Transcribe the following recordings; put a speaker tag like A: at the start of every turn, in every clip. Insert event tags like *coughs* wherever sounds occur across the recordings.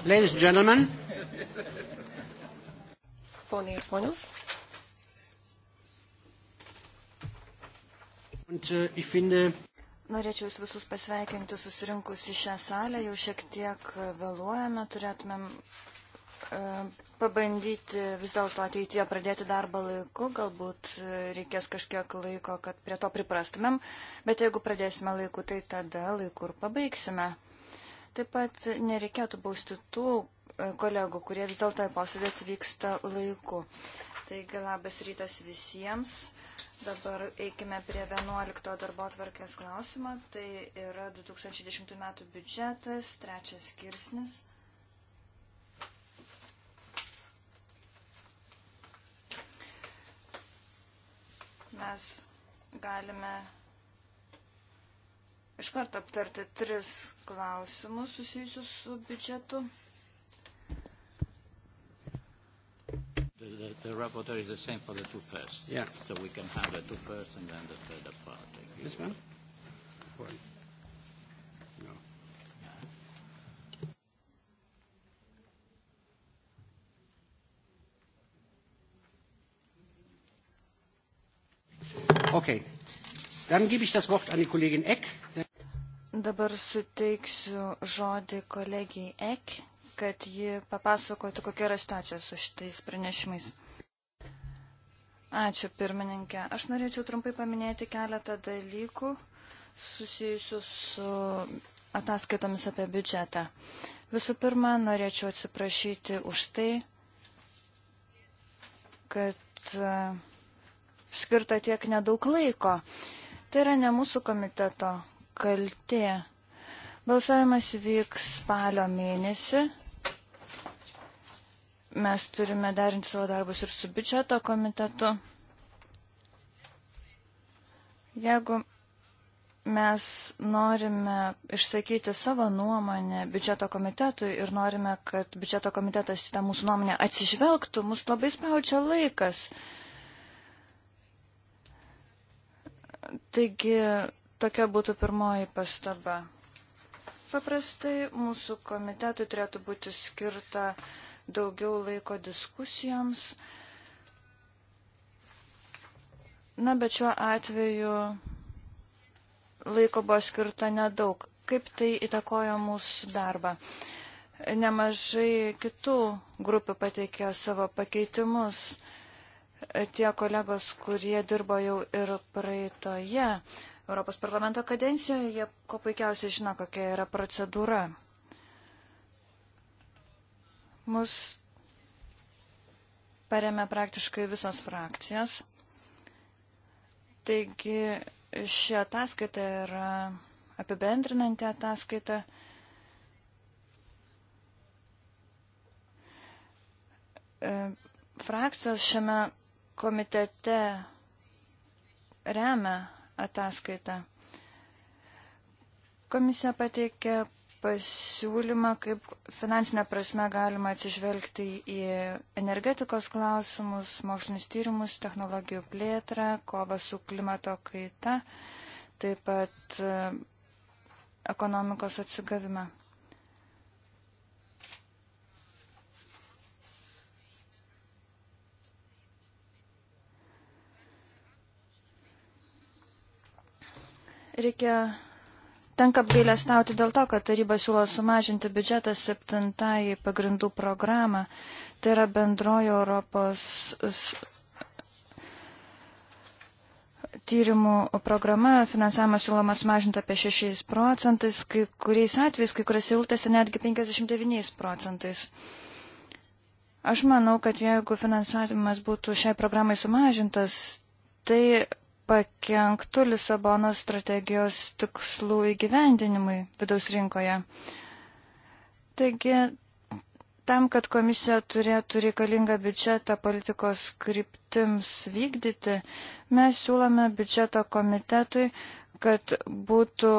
A: Ladies and gentlemen.
B: Ponai ir ponios.
C: Äh,
B: Norėčiau jūs visus pasveikinti susirinkus į šią salę. Jau šiek tiek vėluojame, turėtumėm e, pabandyti vis dėlto ateityje pradėti darbą laiku, galbūt e, reikės kažkiek laiko, kad prie to priprastumėm, bet jeigu pradėsime laiku, tai tada laiku ir pabaigsime. Taip pat nereikėtų bausti tų e, kolegų, kurie vis dėlto į posėdį atvyksta laiku. Taigi labas rytas visiems. Dabar eikime prie 11 darbo tvarkės klausimo. Tai yra 2010 m. biudžetas, trečias skirsnis. Mes galime iš karto aptarti tris klausimus susijusius su biudžetu.
C: The, the, the rapporteur is the same for the two first. Yeah. So we can have the two first and then the third part. This one? One. Okay. Dann gebe ich das Wort an die Kollegin Eck.
B: Dabar suteiksiu žodį kolegijai Ek, kad ji papasakotų, kokia yra situacija su šitais pranešimais. Ačiū, pirmininkė. Aš norėčiau trumpai paminėti keletą dalykų susijusių su ataskaitomis apie biudžetą. Visų pirma, norėčiau atsiprašyti už tai, kad e, skirta tiek nedaug laiko. Tai yra ne mūsų komiteto kaltė. Balsavimas vyks spalio mėnesį. Mes turime derinti savo darbus ir su biudžeto komitetu. Jeigu mes norime išsakyti savo nuomonę biudžeto komitetui ir norime, kad biudžeto komitetas į tą mūsų nuomonę atsižvelgtų, mus labai spaudžia laikas. Taigi Tokia būtų pirmoji pastaba. Paprastai mūsų komitetui turėtų būti skirta daugiau laiko diskusijoms. Na, bet šiuo atveju laiko buvo skirta nedaug. Kaip tai įtakojo mūsų darbą? Nemažai kitų grupių pateikė savo pakeitimus. Tie kolegos, kurie dirbo jau ir praeitoje Europos parlamento kadencijoje, jie ko puikiausiai žino, kokia yra procedūra. Mus paremė praktiškai visos frakcijas. Taigi ši ataskaita yra apibendrinanti ataskaita. E, frakcijos šiame komitete remia ataskaitą. Komisija pateikė pasiūlymą, kaip finansinė prasme galima atsižvelgti į energetikos klausimus, mokslinis tyrimus, technologijų plėtrą, kovą su klimato kaita, taip pat e, ekonomikos atsigavimą. reikia tenka apgailestauti dėl to, kad taryba siūlo sumažinti biudžetą septintai pagrindų programą. Tai yra bendrojo Europos tyrimų programa, finansavimas siūloma sumažinti apie 6 procentais, kai kuriais atvejais, kai kuriuose eilutėse netgi 59 procentais. Aš manau, kad jeigu finansavimas būtų šiai programai sumažintas, tai pakenktų Lisabonos strategijos tikslų įgyvendinimui vidaus rinkoje. Taigi, tam, kad komisija turėtų reikalingą biudžetą politikos kryptims vykdyti, mes siūlome biudžeto komitetui, kad būtų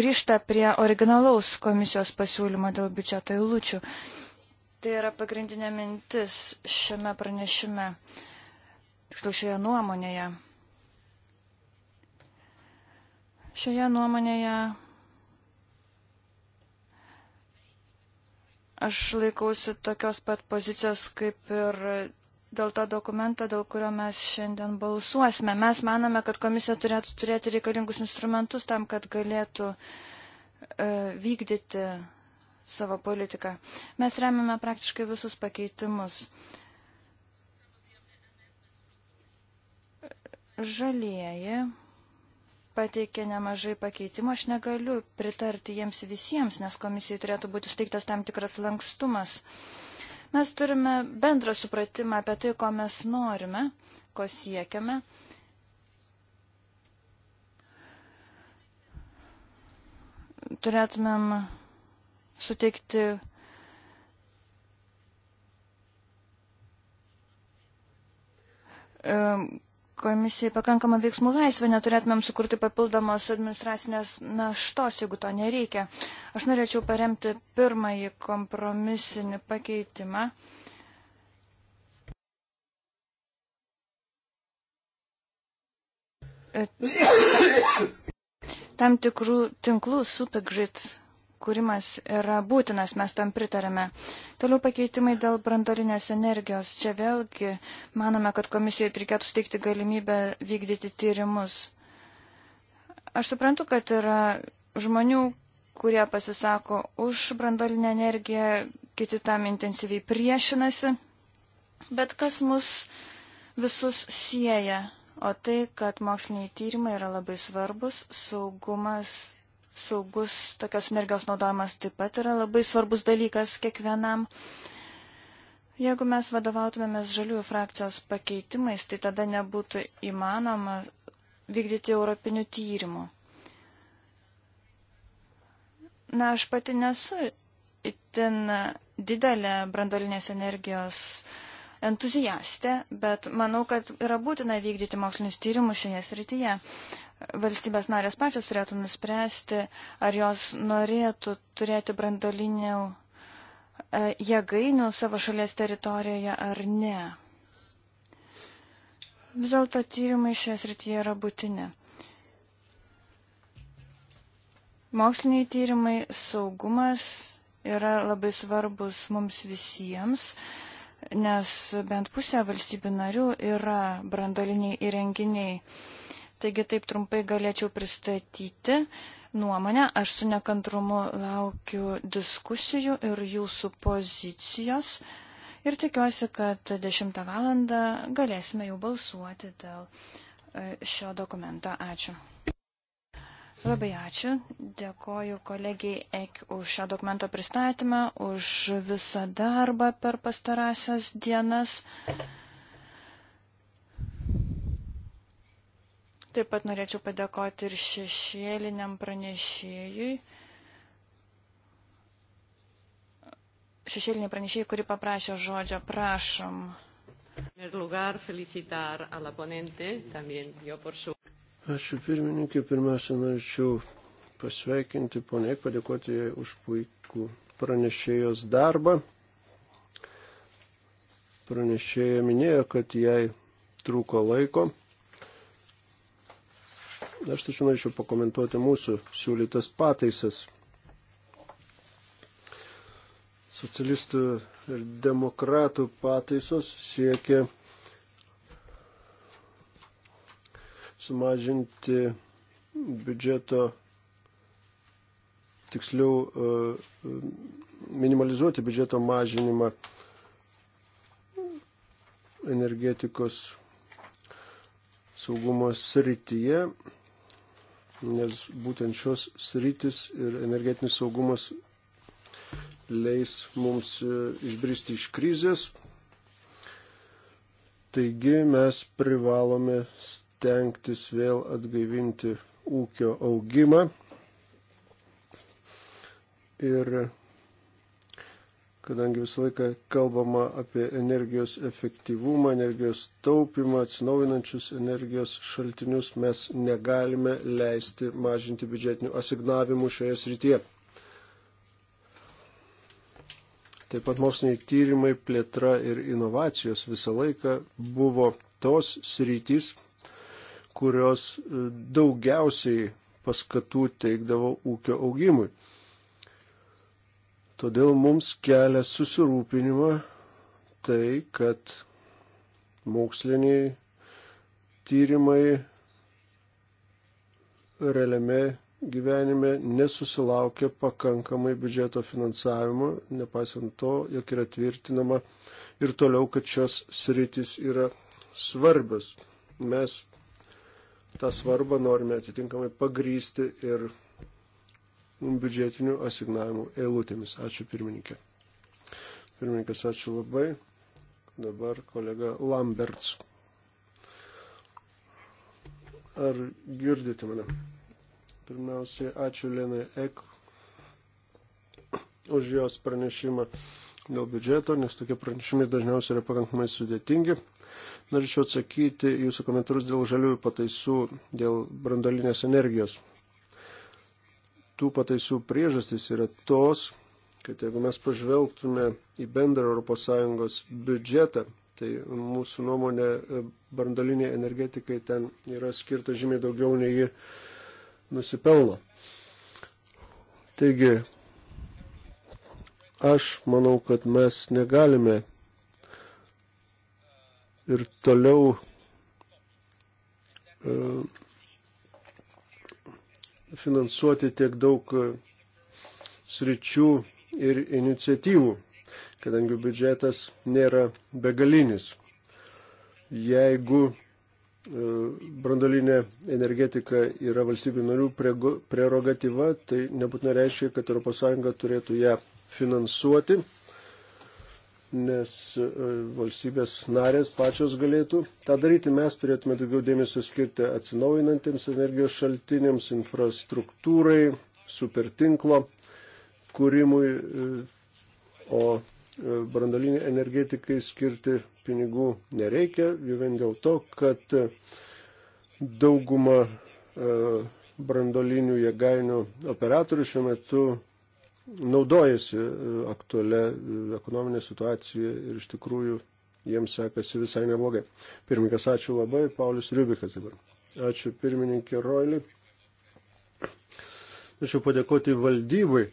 B: grįžta prie originalaus komisijos pasiūlymo dėl biudžeto įlūčių. Tai yra pagrindinė mintis šiame pranešime, tiksliau šioje nuomonėje. Šioje nuomonėje aš laikausi tokios pat pozicijos kaip ir dėl to dokumento, dėl kurio mes šiandien balsuosime. Mes manome, kad komisija turėtų turėti reikalingus instrumentus tam, kad galėtų e, vykdyti savo politiką. Mes remiame praktiškai visus pakeitimus. Žalieji pateikė nemažai pakeitimų, aš negaliu pritarti jiems visiems, nes komisijai turėtų būti suteiktas tam tikras lankstumas. Mes turime bendrą supratimą apie tai, ko mes norime, ko siekiame. Turėtumėm suteikti um, komisijai pakankamą veiksmų laisvę, neturėtumėm sukurti papildomos administracinės naštos, jeigu to nereikia. Aš norėčiau paremti pirmąjį kompromisinį pakeitimą. *coughs* Tam tikrų tinklų supergrids kūrimas yra būtinas, mes tam pritarėme. Toliau pakeitimai dėl brandolinės energijos. Čia vėlgi manome, kad komisijai reikėtų steigti galimybę vykdyti tyrimus. Aš suprantu, kad yra žmonių, kurie pasisako už brandolinę energiją, kiti tam intensyviai priešinasi. Bet kas mus visus sieja? O tai, kad moksliniai tyrimai yra labai svarbus, saugumas saugus tokios energijos naudojimas taip pat yra labai svarbus dalykas kiekvienam. Jeigu mes vadovautumėmės žaliųjų frakcijos pakeitimais, tai tada nebūtų įmanoma vykdyti europinių tyrimų. Na, aš pati nesu itin didelė brandolinės energijos uh, entuzijastė, bet manau, kad yra būtina vykdyti mokslinis tyrimus šioje srityje. Valstybės narės pačios turėtų nuspręsti, ar jos norėtų turėti brandolinių e, jėgainių savo šalies teritorijoje ar ne. Vis dėlto tyrimai šioje srityje yra būtini. Moksliniai tyrimai, saugumas yra labai svarbus mums visiems. Uh, nes bent pusė valstybių narių yra brandoliniai įrenginiai. Taigi taip trumpai galėčiau pristatyti nuomonę. Aš su nekantrumu laukiu diskusijų ir jūsų pozicijos. Ir tikiuosi, kad 10 val. galėsime jau balsuoti dėl e, šio dokumento. Ačiū. Labai ačiū. Dėkoju kolegijai Ek už šio dokumento pristatymą, už visą darbą per pastarąsias dienas. Taip pat norėčiau padėkoti ir šešėliniam pranešėjui. Šešėliniai pranešėjai, kuri paprašė žodžio, prašom.
D: Ačiū pirmininkai. Pirmiausia, norėčiau pasveikinti poniai, padėkoti jai už puikų pranešėjos darbą. Pranešėja minėjo, kad jai trūko laiko. Aš tačiau norėčiau pakomentuoti mūsų siūlytas pataisas. Socialistų ir demokratų pataisos siekia sumažinti biudžeto, tiksliau e, e, minimalizuoti biudžeto mažinimą energetikos saugumo srityje, nes būtent šios sritis ir energetinis saugumas leis mums e, išbristi iš krizės. Taigi mes privalome stengtis vėl atgaivinti ūkio augimą ir kadangi visą laiką kalbama apie energijos efektyvumą, energijos taupimą, atsinaujinančius energijos šaltinius, mes negalime leisti mažinti biudžetinių asignavimų šioje srityje. Taip pat moksliniai tyrimai, plėtra ir inovacijos visą laiką buvo tos sritys, kurios e, daugiausiai paskatų teikdavo ūkio augimui. Todėl mums kelia susirūpinimą tai, kad moksliniai tyrimai realiame gyvenime nesusilaukia pakankamai biudžeto finansavimo, nepaisant to, jog yra tvirtinama ir toliau, kad šios sritis yra svarbios. Mes tą svarbą norime atitinkamai pagrysti ir biudžetinių asignavimų eilutėmis. Ačiū pirmininkė. Pirmininkas, ačiū labai. Dabar kolega Lamberts. Ar girdite mane? Pirmiausiai, ačiū Lenai Ek už jos pranešimą dėl biudžeto, nes tokie pranešimai dažniausiai yra pakankamai sudėtingi. Norėčiau atsakyti jūsų komentarus dėl žaliųjų pataisų, dėl brandolinės energijos. Tų pataisų priežastys yra tos, kad jeigu mes pažvelgtume į bendrą ES biudžetą, tai mūsų nuomonė e, brandolinė energetikai ten yra skirta žymiai daugiau nei ji nusipelno. Taigi, aš manau, kad mes negalime ir toliau e, finansuoti tiek daug e, sričių ir iniciatyvų, kadangi biudžetas nėra begalinis. Jeigu e, brandolinė energetika yra valstybių narių prerogatyva, tai nebūtinai reiškia, kad ES turėtų ją finansuoti nes e, valstybės narės pačios galėtų tą daryti. Mes turėtume daugiau dėmesio skirti atsinaujinantiems energijos šaltiniams, infrastruktūrai, supertinklo kūrimui, e, o e, brandalinį energetikai skirti pinigų nereikia, vien dėl to, kad dauguma brandolinių jėgainių operatorių šiuo metu naudojasi e, aktualią e, ekonominę situaciją ir iš tikrųjų jiems sekasi visai neblogai. Pirmininkas, ačiū labai. Paulius Riubikas dabar. Ačiū pirmininkė Roilį. Ačiū padėkoti valdybai.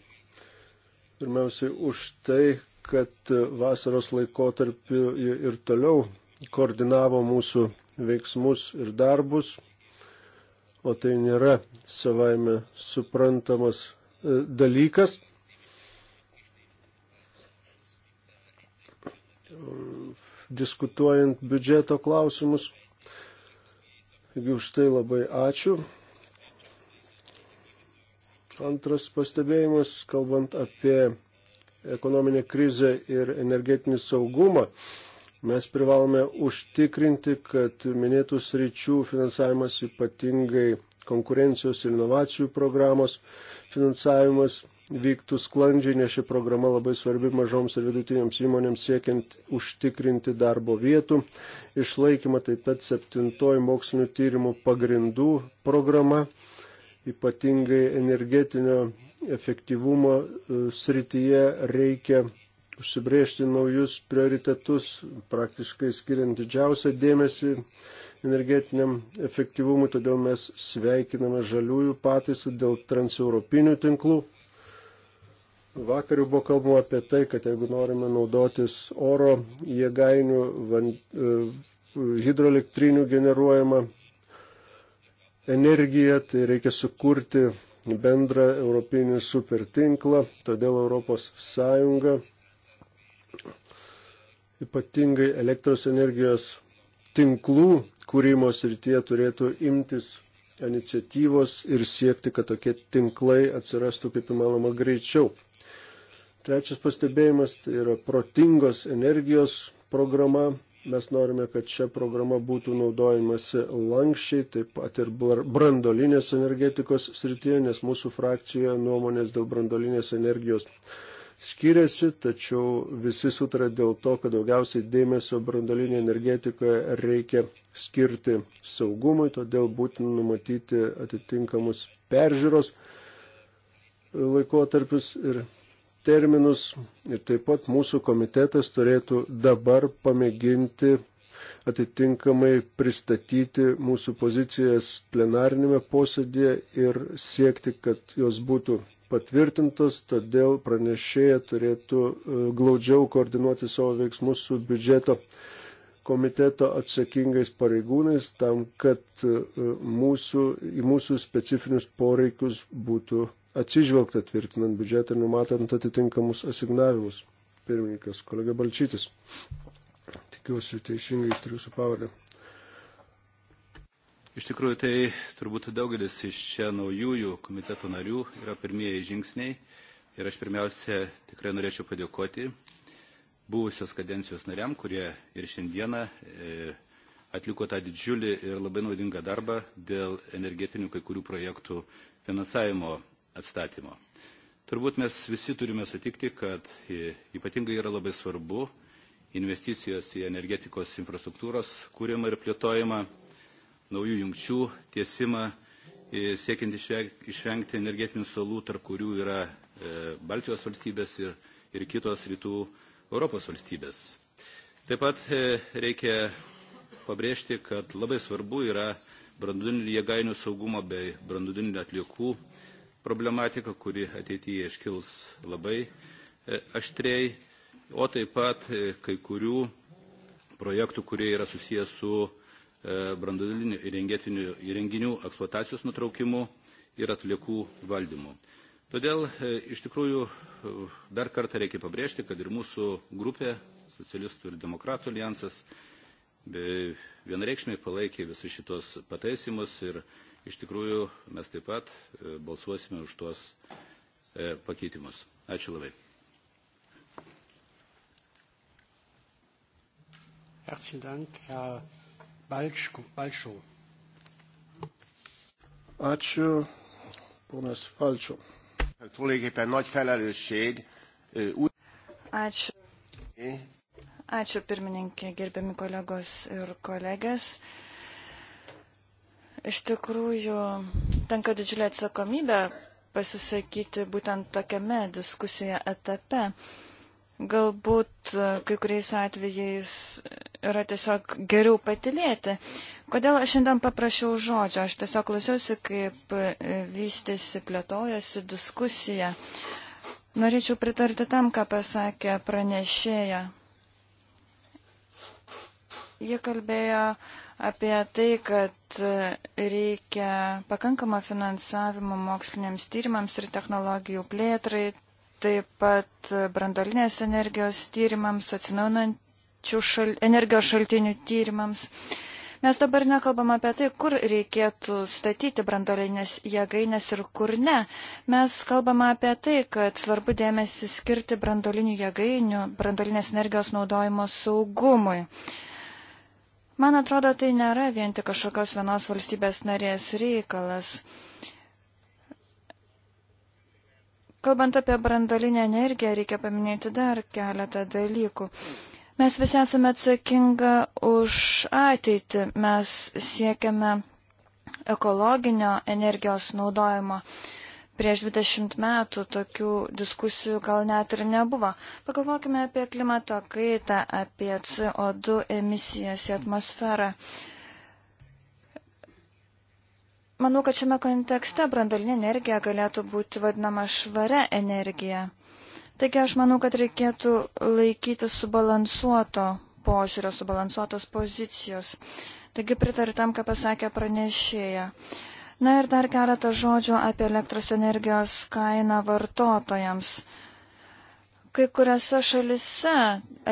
D: Pirmiausiai už tai, kad vasaros laikotarpiu ir toliau koordinavo mūsų veiksmus ir darbus, o tai nėra savaime suprantamas e, dalykas. diskutuojant biudžeto klausimus. Taigi už tai labai ačiū. Antras pastebėjimas, kalbant apie ekonominę krizę ir energetinį saugumą, mes privalome užtikrinti, kad minėtų sričių finansavimas ypatingai konkurencijos ir inovacijų programos finansavimas vyktų sklandžiai, nes ši programa labai svarbi mažoms ir vidutinėms įmonėms siekiant užtikrinti darbo vietų. Išlaikymą taip pat septintoji mokslinio tyrimų pagrindų programa, ypatingai energetinio efektyvumo e, srityje reikia užsibriežti naujus prioritetus, praktiškai skiriant didžiausią dėmesį energetiniam efektyvumui, todėl mes sveikiname žaliųjų pataisą dėl transeuropinių tinklų Vakar buvo kalbama apie tai, kad jeigu norime naudotis oro jėgainių, van, e, hidroelektrinių generuojama energija, tai reikia sukurti bendrą europinį supertinklą, todėl ES ypatingai elektros energijos tinklų kūrimo srityje turėtų imtis iniciatyvos ir siekti, kad tokie tinklai atsirastų kaip įmanoma greičiau. Trečias pastebėjimas tai yra protingos energijos programa. Mes norime, kad šią programą būtų naudojimasi lankščiai, taip pat ir brandolinės energetikos srityje, nes mūsų frakcijoje nuomonės dėl brandolinės energijos skiriasi, tačiau visi sutarė dėl to, kad daugiausiai dėmesio brandolinė energetikoje reikia skirti saugumui, todėl būtina numatyti atitinkamus peržiūros laikotarpius ir terminus ir taip pat mūsų komitetas turėtų dabar pamėginti atitinkamai pristatyti mūsų pozicijas plenarinėme posėdėje ir siekti, kad jos būtų patvirtintos, todėl pranešėja turėtų e, glaudžiau koordinuoti savo veiksmus su biudžeto komiteto atsakingais pareigūnais tam, kad e, mūsų, į mūsų specifinius poreikius būtų atsižvelgta tvirtinant biudžetą ir numatant atitinkamus asignavimus. Pirmininkas, kolega Balčytis. Tikiuosi teisingai ištariu su pavardė.
E: Iš tikrųjų, tai turbūt daugelis iš čia naujųjų komiteto narių yra pirmieji žingsniai. Ir aš pirmiausia tikrai norėčiau padėkoti buvusios kadencijos nariam, kurie ir šiandieną e, atliko tą didžiulį ir labai naudingą darbą dėl energetinių kai kurių projektų finansavimo atstatymo. Turbūt mes visi turime sutikti, kad e, ypatingai yra labai svarbu investicijos į energetikos infrastruktūros kūrimą ir plėtojimą, naujų jungčių tiesimą, e, siekiant išvengti energetinių salų, tarp kurių yra e, Baltijos valstybės ir, ir kitos rytų Europos valstybės. Taip pat reikia pabrėžti, kad labai svarbu yra brandudinių jėgainių saugumo bei brandudinių atliekų problematika, kuri ateityje iškils labai e, aštriai, o taip pat e, kai kurių projektų, kurie yra susijęs su e, brandulinių įrenginių eksploatacijos nutraukimu ir atliekų valdymu. Todėl iš tikrųjų dar kartą reikia pabrėžti, kad ir mūsų grupė, socialistų ir demokratų alijansas, vienareikšmiai palaikė visus šitos pataisimus ir Iš tikrųjų, mes taip pat e, balsuosime už tuos e, pakeitimus. Ačiū labai.
C: Herzlichen Dank, Herr Balčo.
D: Ačiū, ponas Balčo. Tulajdonképpen nagy felelősség.
B: Ačiū. Ačiū pirmininkė, gerbiami kolegos ir kolegės. Uh, Iš tikrųjų, tenka didžiulė atsakomybė pasisakyti būtent tokiame diskusijoje etape. Galbūt e, kai kuriais atvejais yra tiesiog geriau patilėti. Kodėl aš šiandien paprašiau žodžio? Aš tiesiog klausiausi, kaip e, vystėsi, plėtojasi diskusija. Norėčiau pritarti tam, ką pasakė pranešėja. Jie kalbėjo uh, apie tai, kad reikia pakankamą finansavimą moksliniams tyrimams ir technologijų plėtrai, taip pat brandolinės energijos tyrimams, atsinaunančių šal, energijos šaltinių tyrimams. Mes dabar nekalbam apie tai, kur reikėtų statyti brandolinės jėgainės ir kur ne. Mes kalbam apie tai, kad svarbu dėmesį skirti brandolinių jėgainių, brandolinės energijos naudojimo saugumui. Man atrodo, tai nėra vien tik kažkokios vienos valstybės narės reikalas. Kalbant apie brandalinę energiją, reikia paminėti dar keletą dalykų. Mes visi esame atsakinga už ateitį, mes siekiame ekologinio energijos naudojimo. Uh, Prieš 20 metų tokių diskusijų gal net ir nebuvo. Pagalvokime apie klimato kaitą, apie CO2 emisijas į atmosferą. Manau, kad šiame kontekste brandolinė energija galėtų būti vadinama švaria energija. Taigi aš manau, kad reikėtų laikyti subalansuoto požiūrio, subalansuotos pozicijos. Taigi pritariu tam, ką pasakė pranešėja. Uh, Na ir dar keletą žodžių apie elektros energijos kainą vartotojams. Kai kuriuose šalise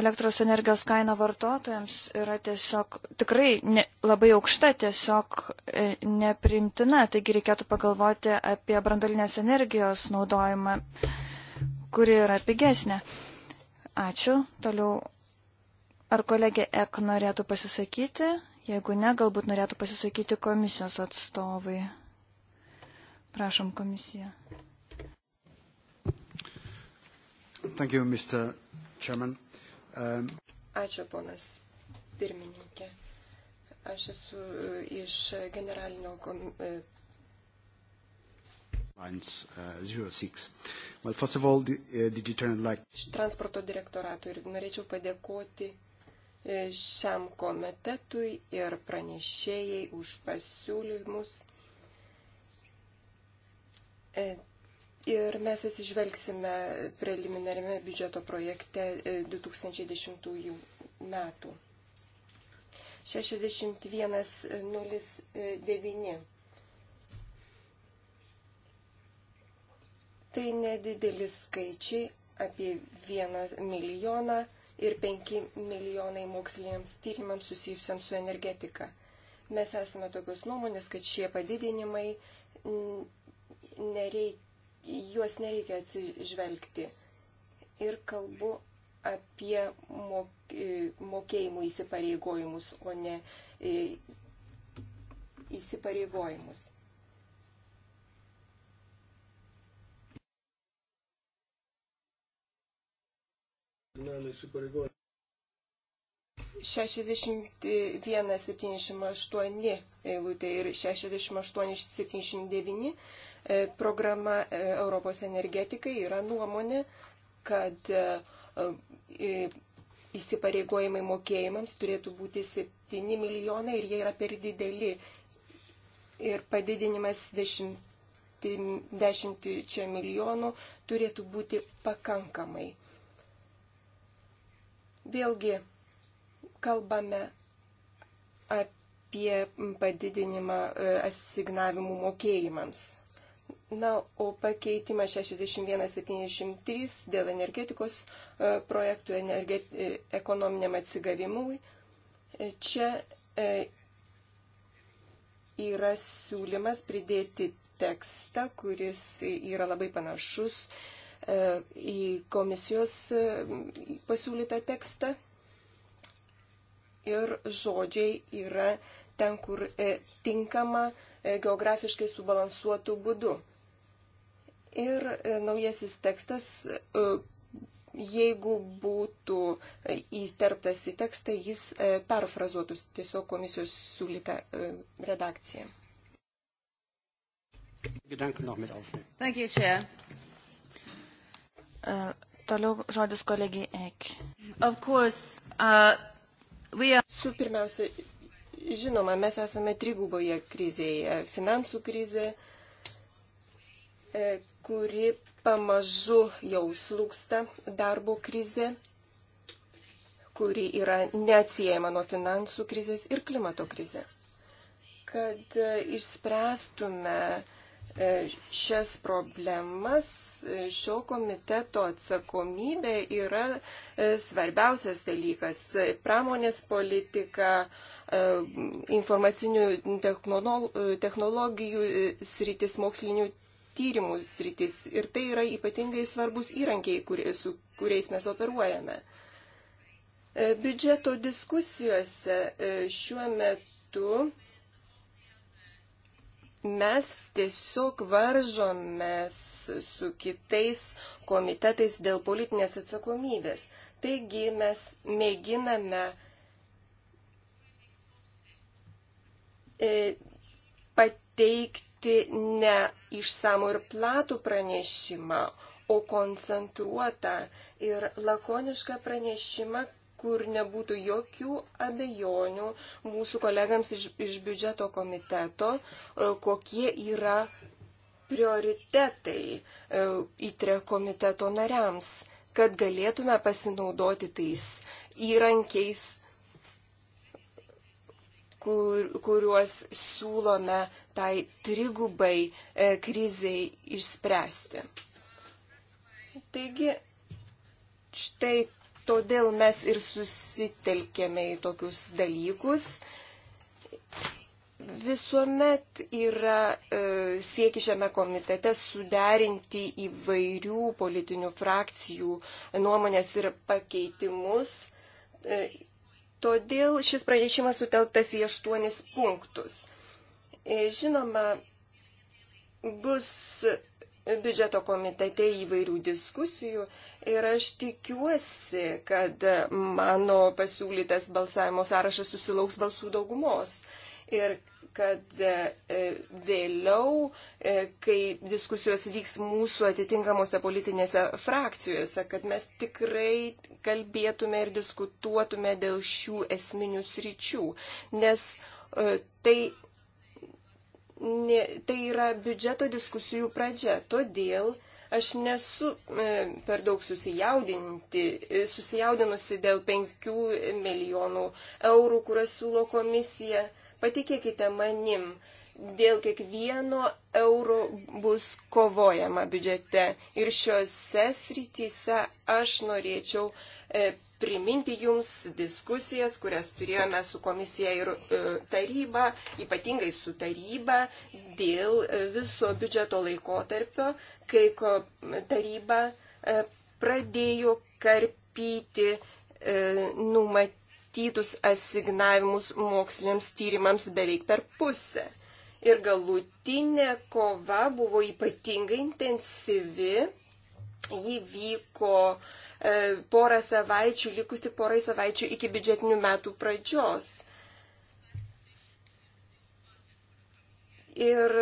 B: elektros energijos kaina vartotojams yra tiesiog tikrai ne, labai aukšta, tiesiog e, neprimtina, taigi reikėtų pagalvoti apie brandalinės energijos naudojimą, kuri yra pigesnė. Ačiū. Toliau Ar kolegė Ek norėtų pasisakyti? Jeigu ne, galbūt norėtų pasisakyti komisijos atstovai. Prašom komisiją.
D: Thank you, Mr. Chairman. Um...
F: Ačiū, ponas pirmininkė. Aš esu uh, iš generalinio komisijos uh,
D: lines uh, 06. Well, first of all, the, uh,
B: Digiturn like.
D: Iš
F: transporto direktorato ir norėčiau padėkoti šiam komitetui ir pranešėjai už pasiūlymus. E, ir mes atsižvelgsime preliminariame biudžeto projekte 2010 e, metų. 61.09. Tai nedideli skaičiai apie 1 milijoną ir 5 milijonai moksliniams tyrimams susijusiams su energetika. Mes esame tokios nuomonės, kad šie padidinimai nereik, juos nereikia atsižvelgti. Ir kalbu apie mok, e, mokėjimų įsipareigojimus, o ne e, įsipareigojimus. 61-78 eilutė ir 68-79 e, programa e, Europos energetikai yra nuomonė, kad e, įsipareigojimai mokėjimams turėtų būti 7 milijonai ir jie yra per dideli. Ir padidinimas 10 milijonų turėtų būti pakankamai Vėlgi kalbame apie padidinimą e, asignavimų mokėjimams. Na, o pakeitimas 6173 dėl energetikos e, projektų energet, e, ekonominiam atsigavimui. Čia yra siūlymas pridėti tekstą, kuris yra labai panašus E, į komisijos e, pasiūlytą tekstą. Ir žodžiai yra ten, kur e, tinkama geografiškai subalansuotų būdų. Ir naujasis tekstas, jeigu būtų įsterptas į tekstą, jis perfrazuotų tiesiog komisijos siūlytą redakciją.
C: Gedanken noch mit aufnehmen.
B: Thank you, Chair. Uh, toliau žodis kolegijai Ek. Of course, uh, we are...
F: Su pirmiausia, žinoma, mes esame triguboje krizėje. Finansų krizė, e, kuri pamažu jau slūksta, darbo krizė, kuri yra neatsiejama nuo finansų krizės ir klimato krizė. Kad e, išspręstume E, šias problemas e, šio komiteto atsakomybė yra e, svarbiausias dalykas. Pramonės politika, informacinių technologijų sritis, mokslinių tyrimų sritis. Ir tai yra ypatingai svarbus įrankiai, kurie, su kuriais mes operuojame. Biudžeto diskusijose šiuo metu mes tiesiog varžomės su kitais komitetais dėl politinės atsakomybės. Taigi mes mėginame e, pateikti ne išsamų ir platų pranešimą, o koncentruotą ir lakonišką pranešimą, kur nebūtų jokių abejonių mūsų kolegams iš, iš biudžeto komiteto, e, kokie yra prioritetai e, įtre komiteto nariams, kad galėtume pasinaudoti tais įrankiais, kur, kuriuos siūlome tai trigubai e, kriziai išspręsti. Taigi, štai Todėl mes ir susitelkėme į tokius dalykus. Visuomet yra e, sieki šiame komitete suderinti įvairių politinių frakcijų nuomonės ir pakeitimus. E, todėl šis pranešimas sutelktas į aštuonis punktus. E, žinoma, bus biudžeto komitete įvairių diskusijų. E, Ir aš tikiuosi, kad mano pasiūlytas balsavimo sąrašas susilauks balsų daugumos. Ir kad e, vėliau, e, kai diskusijos vyks mūsų atitinkamuose politinėse frakcijose, kad mes tikrai kalbėtume ir diskutuotume dėl šių esminių sričių, nes e, tai, ne, tai yra biudžeto diskusijų pradžia. Todėl Aš nesu e, per daug e, susijaudinusi dėl 5 milijonų eurų, kurias siūlo komisija. Patikėkite manim, dėl kiekvieno euro bus kovojama biudžete. Ir šiuose srityse aš norėčiau e, priminti jums diskusijas, kurias turėjome su komisija ir e, taryba, ypatingai su taryba, dėl e, viso biudžeto laikotarpio, kai taryba e, pradėjo karpyti numatytus asignavimus moksliniams tyrimams beveik per pusę. Ir galutinė kova buvo ypatingai intensyvi. Ji vyko uh, E, porą savaičių, likusi porai savaičių iki biudžetinių metų pradžios. Ir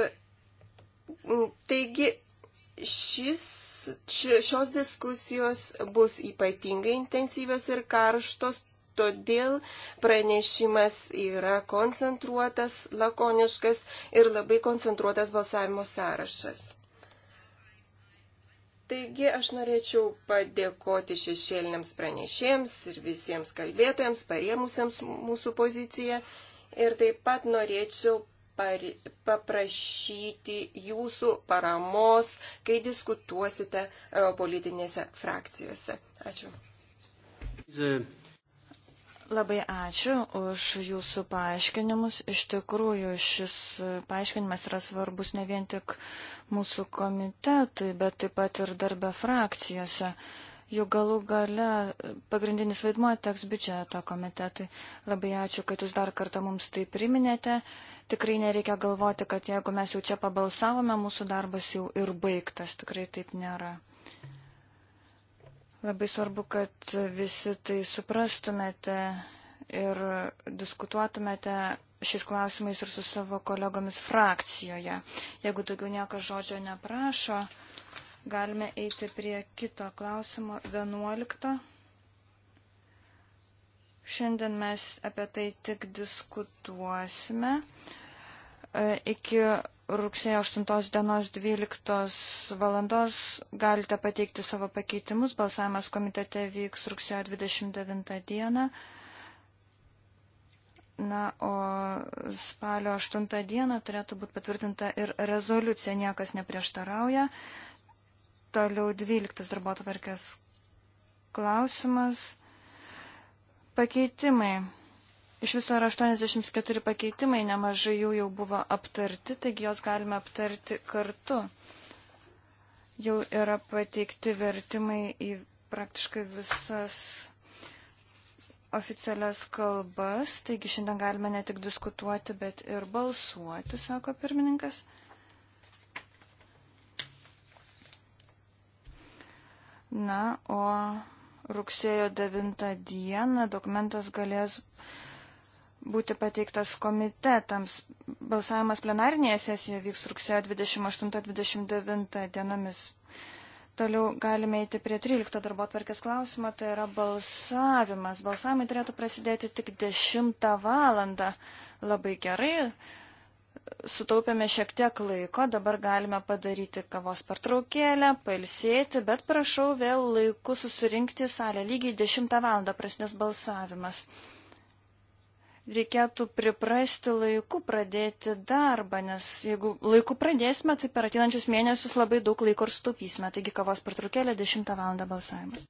F: taigi šis šios diskusijos bus ypatingai intensyvios ir karštos, todėl pranešimas yra koncentruotas, lakoniškas ir labai koncentruotas balsavimo sąrašas. Taigi aš norėčiau padėkoti šešėliniams pranešėjams ir visiems kalbėtojams, parėmusiems mūsų poziciją. Ir taip pat norėčiau par... paprašyti jūsų paramos, kai diskutuosite e, politinėse
B: frakcijose. Ačiū. E, Labai ačiū už jūsų paaiškinimus. Iš tikrųjų, šis paaiškinimas yra svarbus ne vien tik mūsų komitetui, bet taip pat ir darbę frakcijose. Juk galų gale pagrindinis vaidmuo teks biudžeto komitetui. Labai ačiū, kad jūs dar kartą mums tai priminėte. Tikrai nereikia galvoti, kad jeigu mes jau čia pabalsavome, mūsų darbas jau ir baigtas. Tikrai taip nėra. Labai svarbu, kad visi tai suprastumėte ir diskutuotumėte šiais klausimais ir su savo kolegomis frakcijoje. Jeigu daugiau niekas žodžio neprašo, galime eiti prie kito klausimo 11. Šiandien mes apie tai tik diskutuosime. E, iki rugsėjo 8 dienos 12 valandos galite pateikti savo pakeitimus. Balsavimas komitete vyks rugsėjo 29 dieną. Na, o spalio 8 dieną turėtų būti patvirtinta ir rezoliucija, niekas neprieštarauja. Toliau 12 darbo tvarkės klausimas. Pakeitimai. Iš viso yra 84 pakeitimai, nemažai jų jau buvo aptarti, taigi jos galime aptarti kartu. Jau yra pateikti vertimai į praktiškai visas oficialias kalbas, taigi šiandien galime ne tik diskutuoti, bet ir balsuoti, sako pirmininkas. Na, o rugsėjo 9 dieną dokumentas galės būti pateiktas komitetams. Balsavimas plenarinėje sesijoje vyks rugsėjo 28-29 dienomis. Toliau galime eiti prie 13 darbo atvarkės klausimo, tai yra balsavimas. Balsavimai turėtų prasidėti tik 10 valandą. Labai gerai, sutaupėme šiek tiek laiko, dabar galime padaryti kavos pertraukėlę, pailsėti, bet prašau vėl laiku susirinkti salę lygiai 10 valandą prasidės balsavimas reikėtų priprasti laiku pradėti darbą, nes jeigu laiku pradėsime, tai per ateinančius mėnesius labai daug laiko ir sutaupysime. Taigi kavos pertraukėlė 10 val. balsavimas.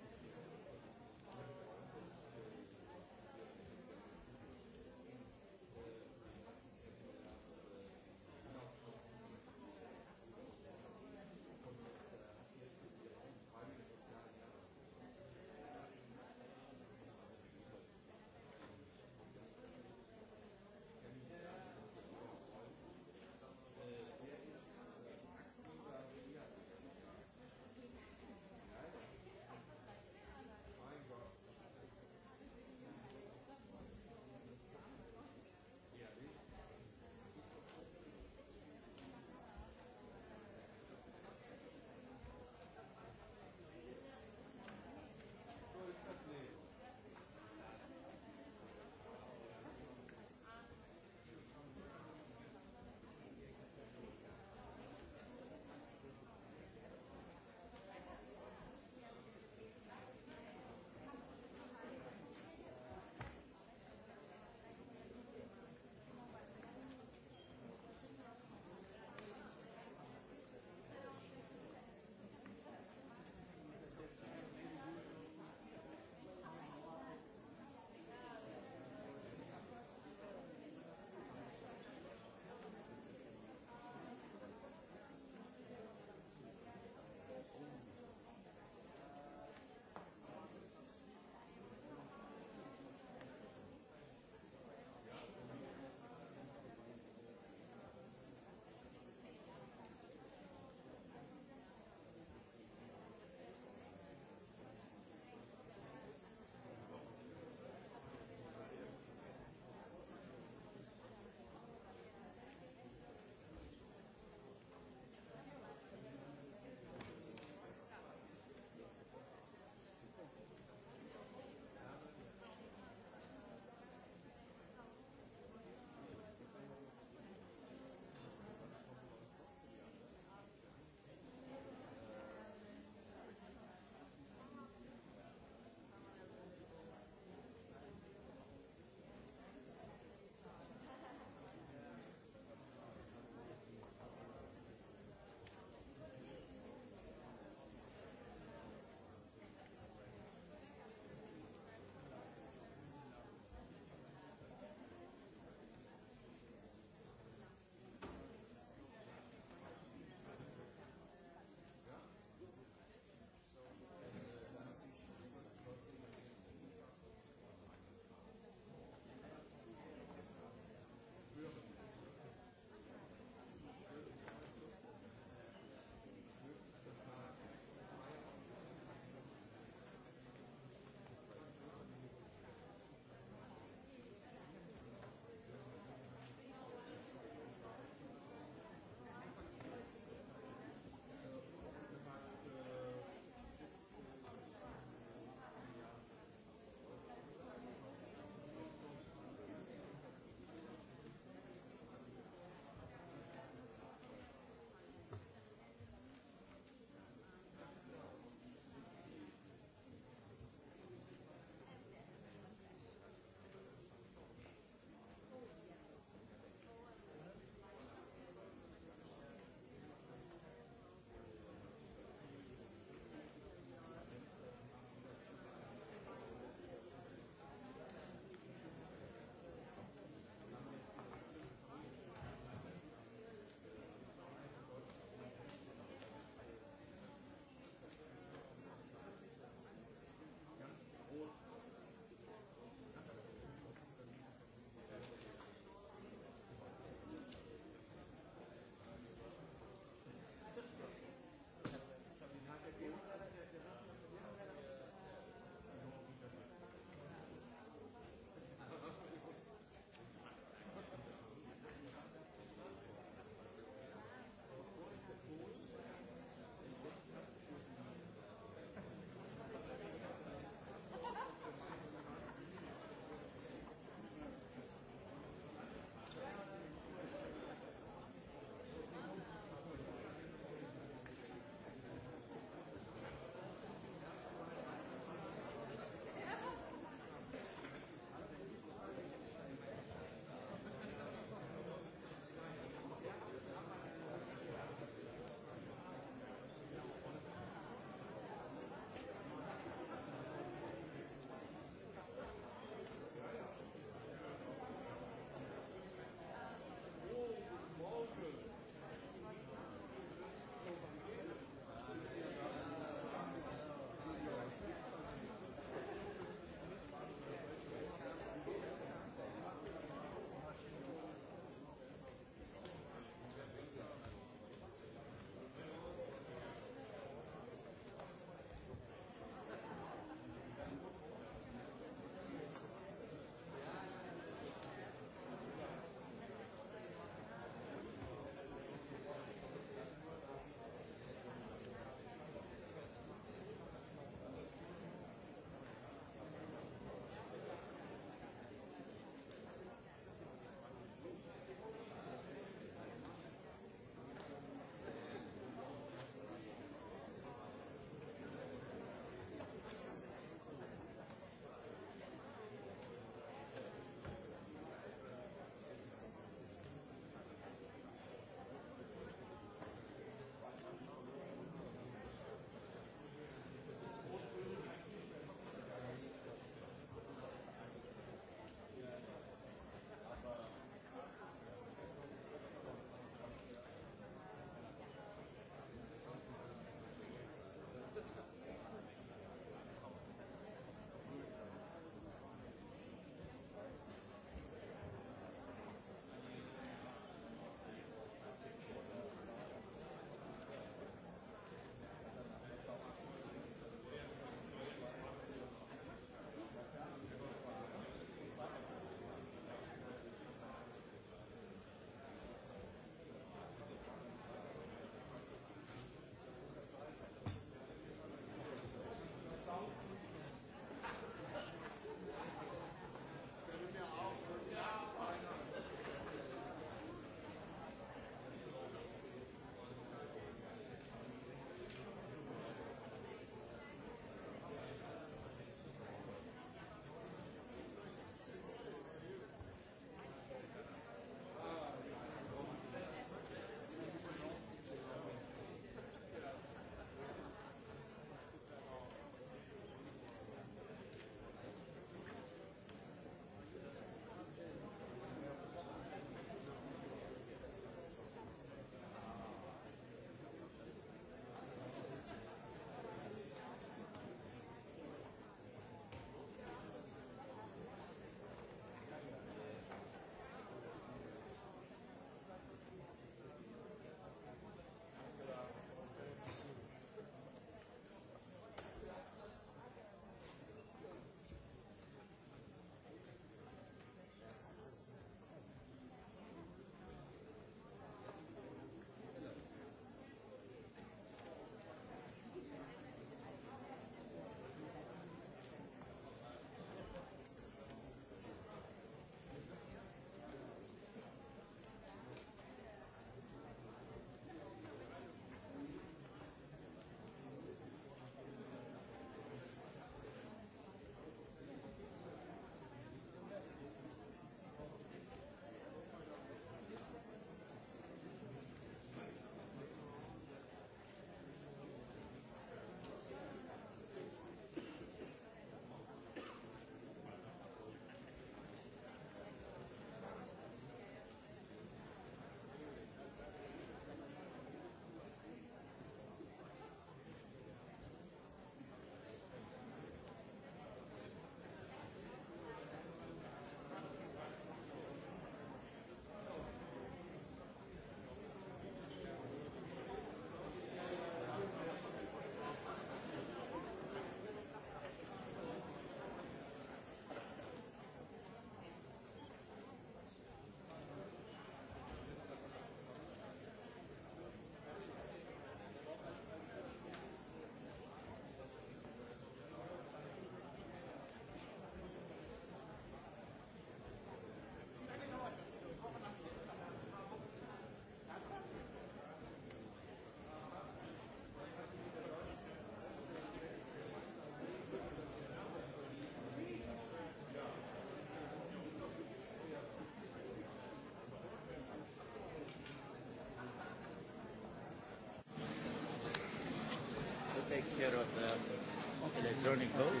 C: care of the electronic vote.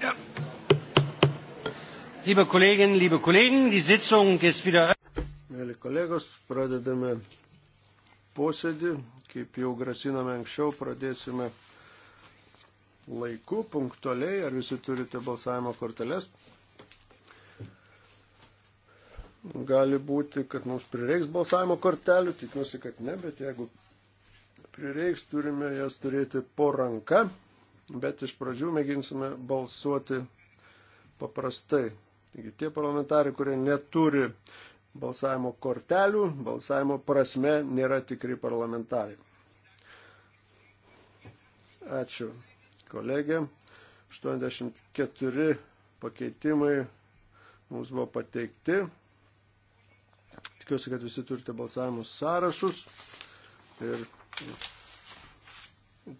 C: Ja.
E: Liebe Kolleginnen, liebe Kollegen, die Sitzung ist wieder.
D: Mėly kolegos,
E: pradedame
D: posėdį. Kaip jau grasiname anksčiau, pradėsime laiku, punktualiai. Ar visi turite balsavimo korteles? Gali būti, kad mums prireiks balsavimo kortelių, tikiuosi, kad ne, bet jeigu prireiks, turime jas turėti po ranka, bet iš pradžių mėginsime balsuoti paprastai. Taigi tie parlamentarai, kurie neturi balsavimo kortelių, balsavimo prasme nėra tikri parlamentarai. Ačiū, kolegė. 84 pakeitimai mums buvo pateikti. Tikiuosi, kad visi turite balsavimus sąrašus ir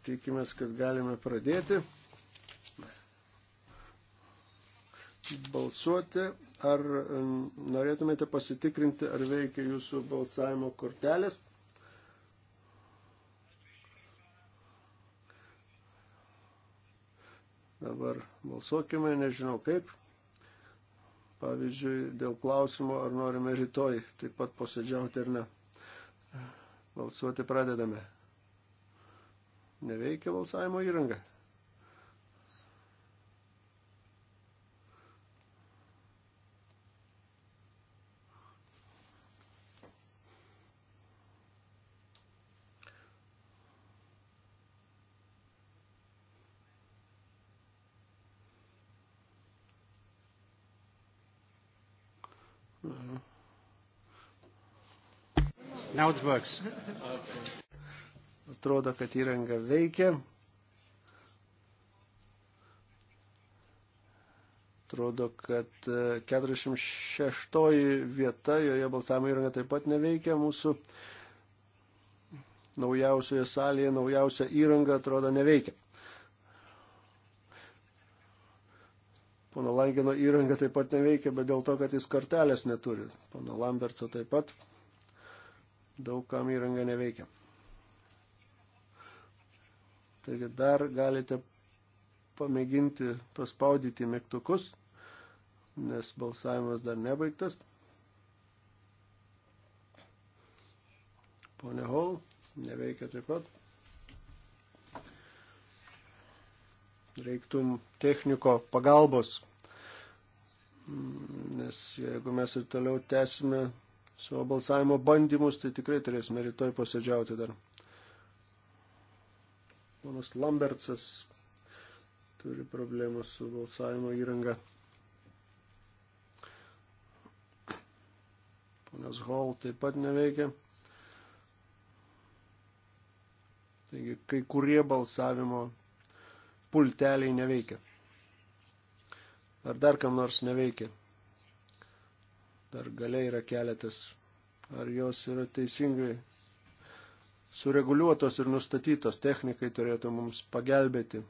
D: Tikimės, kad galime pradėti balsuoti. Ar norėtumėte pasitikrinti, ar veikia jūsų balsavimo kortelės? Dabar balsuokime, nežinau kaip. Pavyzdžiui, dėl klausimo, ar norime rytoj taip pat posėdžiauti ar ne. Balsuoti pradedame. Neveikia balsavimo įranga.
C: Now it works.
D: Atrodo, kad įranga veikia. Atrodo, kad 46 e, vieta, joje balsavimo įranga taip pat neveikia. Mūsų naujausioje salėje naujausia įranga atrodo neveikia. Pono Langino įranga taip pat neveikia, bet dėl to, kad jis kortelės neturi. Pono Lambertso taip pat daug kam įranga neveikia. Taigi dar galite pamėginti paspaudyti mygtukus, nes balsavimas dar nebaigtas. Pone Hall, neveikia taip pat. Reiktum techniko pagalbos, nes jeigu mes ir toliau tęsime savo balsavimo bandymus, tai tikrai turėsime rytoj posėdžiauti dar. Ponas Lambertsas turi problemų su balsavimo įranga. Ponas Hall taip pat neveikia. Taigi kai kurie balsavimo pulteliai neveikia. Ar dar kam nors neveikia dar galiai yra keletas, ar jos yra teisingai sureguliuotos ir nustatytos technikai turėtų mums pagelbėti,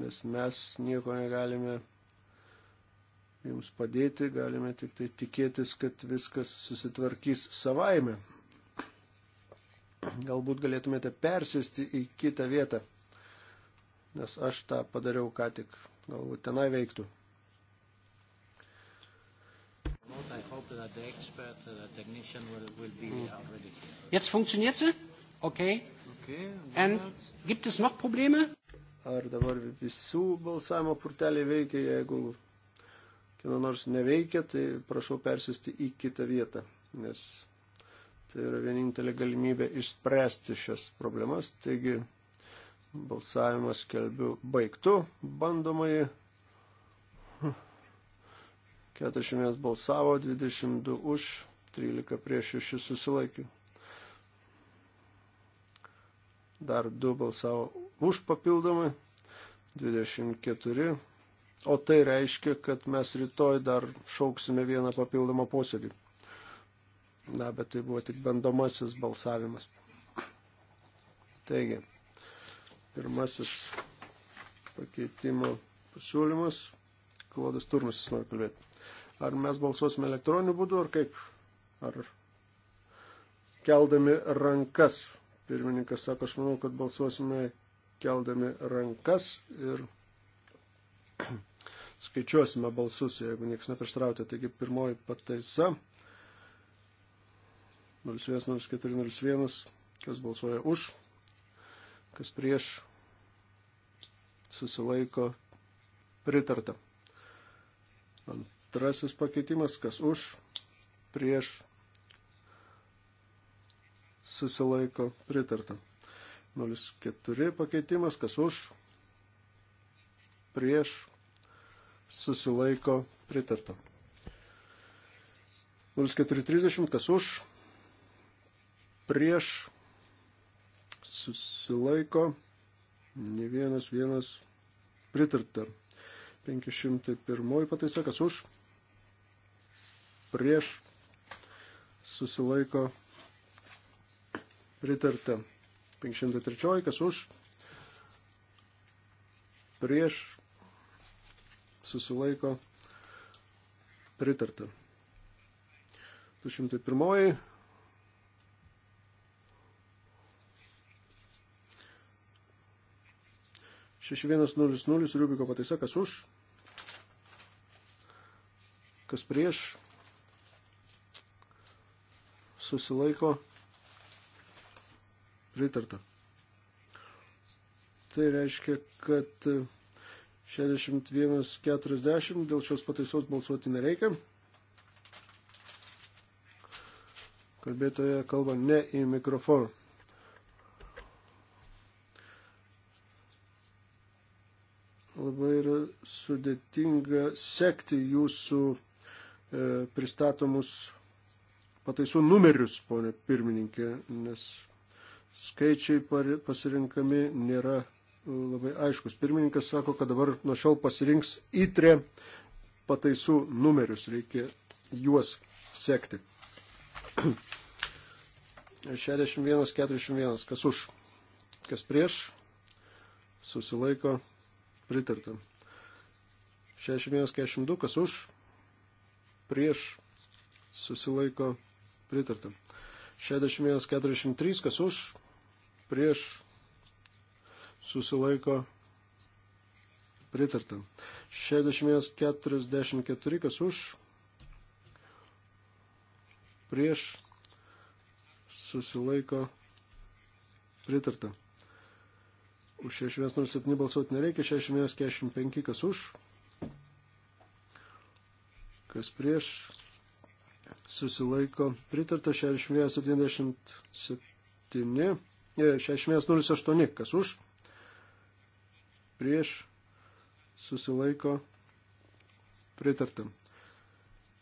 D: nes mes nieko negalime jums padėti, galime tik tai tikėtis, kad viskas susitvarkys savaime. Galbūt galėtumėte persėsti į kitą vietą, nes aš tą padariau ką tik, galbūt tenai veiktų.
C: that the expert, uh, the technician will, will be uh, mm. already here. Jetzt funktioniert sie? Okay. okay And gibt es noch Probleme?
D: Ar dabar visų balsavimo purteliai veikia, jeigu kino nors neveikia, tai prašau persiusti į kitą vietą, nes tai yra vienintelė galimybė išspręsti šias problemas. Taigi balsavimas kelbiu baigtų bandomai 41 balsavo, 22 už, 13 prieš 6 susilaikė. Dar 2 balsavo už papildomai, 24. O tai reiškia, kad mes rytoj dar šauksime vieną papildomą posėdį. Na, bet tai buvo tik bandomasis balsavimas. Taigi, pirmasis pakeitimo pasiūlymas Klodas Turmas jis nori kalbėti. Ar mes balsuosime elektroniniu būdu, ar kaip? Ar keldami rankas? Pirmininkas sako, aš manau, kad balsuosime keldami rankas ir *clears throat* skaičiuosime balsus, jeigu niekas neprieštrautė. Taigi pirmoji pataisa 010401, kas balsuoja už, kas prieš, susilaiko pritarta. Antrasis pakeitimas, kas už, prieš, susilaiko pritarta. 04 pakeitimas, kas už, prieš, susilaiko pritarta. 0430, kas už, prieš, susilaiko, ne vienas, vienas, pritarta. 501 pataisa, kas už, prieš, susilaiko, pritarta. 503, kas už, prieš, susilaiko, pritarta. 201 6100 Rubiko pataisa, kas už, kas prieš, susilaiko, pritarta. Tai reiškia, kad 61.40 dėl šios pataisos balsuoti nereikia. Kalbėtoje kalba ne į mikrofoną. sudėtinga sekti jūsų e, pristatomus pataisų numerius, ponė pirmininkė, nes skaičiai pasirinkami nėra e, labai aiškus. Pirmininkas sako, kad dabar nuo šiol pasirinks įtrė pataisų numerius, reikia juos sekti. 61, *clears throat* 41, kas už, kas prieš, susilaiko, pritartam. 61-42, kas už, prieš, susilaiko, pritarta. 61-43, kas už, prieš, susilaiko, pritarta. 61-44, kas už, prieš, susilaiko, pritarta. Už 6107 balsuoti nereikia, 6145 kas už, kas prieš, susilaiko pritarta 6177, 6108, e, kas už, prieš, susilaiko pritarta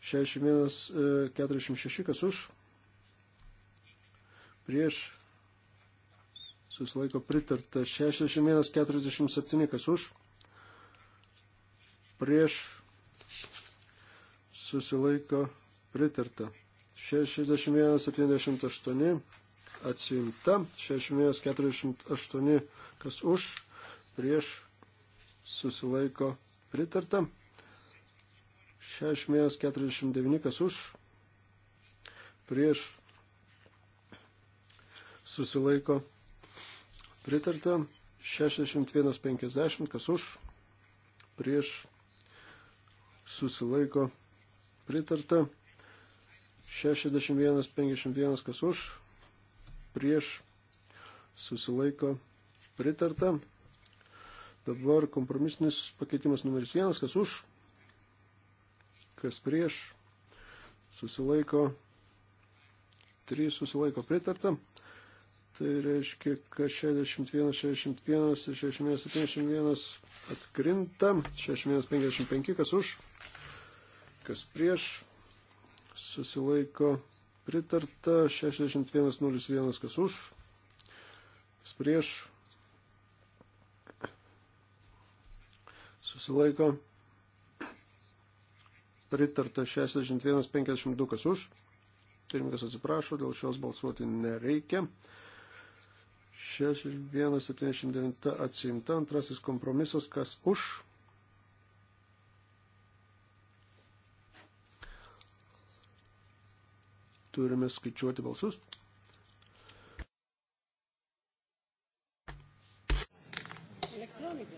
D: 6146, e, kas už, prieš, susilaiko pritarta 6147, kas už, prieš, susilaiko pritarta. 61,78 atsiimta, 61,48 kas už, prieš susilaiko pritarta, 61,49 kas už, prieš susilaiko pritarta, 61,50 kas už, prieš susilaiko pritarta pritarta. 61, 51, kas už, prieš, susilaiko, pritarta. Dabar kompromisinis pakeitimas numeris 1, kas už, kas prieš, susilaiko, 3 susilaiko pritarta. Tai reiškia, kad 61, 61, 61, 71 atkrinta, 61, 55, kas už kas prieš, susilaiko pritarta, 6101, kas už, kas prieš, susilaiko pritarta, 6152, kas už, pirmininkas atsiprašo, dėl šios balsuoti nereikia. 6179 atsiimta, antrasis kompromisas, kas už, turime skaičiuoti balsus.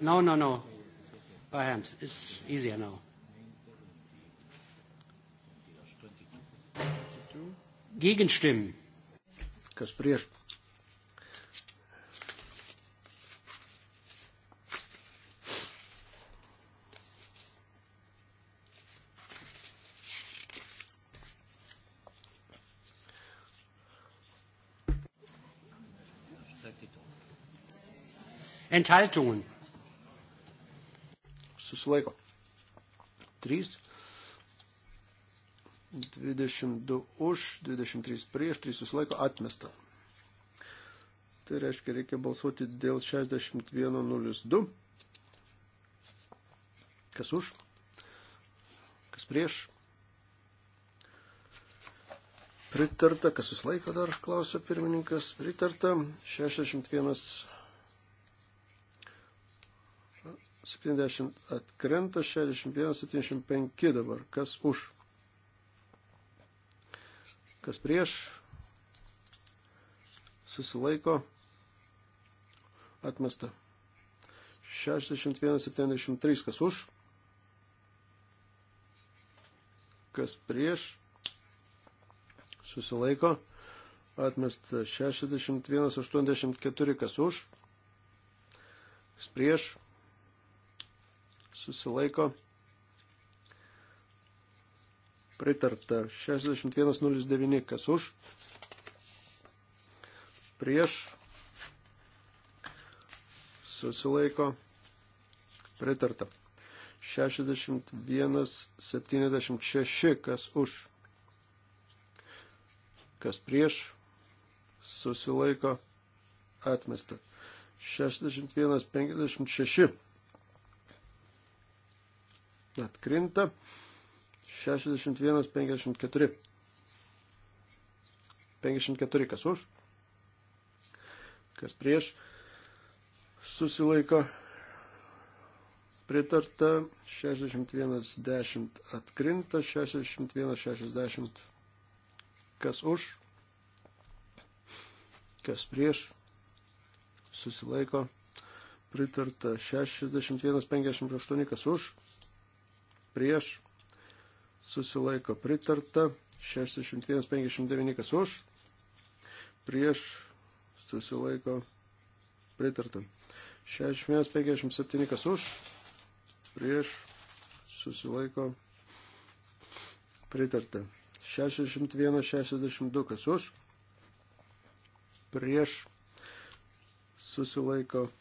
C: No, no, no. By hand. It's easier now. Gegenstimmen. Kas prieš? Enthaltungen?
D: Susilaiko. 3. 22 už, 23 prieš, 3 susilaiko atmesta. Tai reiškia, reikia balsuoti dėl 6102. Kas už? Kas prieš? Pritarta, kas susilaiko dar, klausia pirmininkas. Pritarta, 61 70 atkrenta, 61, 75 dabar. Kas už? Kas prieš? Susilaiko. Atmesta. 61, 73. Kas už? Kas prieš? Susilaiko. Atmesta. 61, 84. Kas už? Kas prieš? susilaiko. Pritarta 6109, kas už, prieš, susilaiko, pritarta 6176, kas už, kas prieš, susilaiko, atmesta 6156 atkrinta. 61, 54. 54 kas už, kas prieš, susilaiko pritarta, 61.10 atkrinta, 61.60 kas už, kas prieš, susilaiko pritarta, 61.58 kas už, prieš, susilaiko pritarta, 61,59 kas už, prieš, susilaiko pritarta, 61,57 kas už, prieš, susilaiko pritarta, 61,62 kas už, prieš, susilaiko pritarta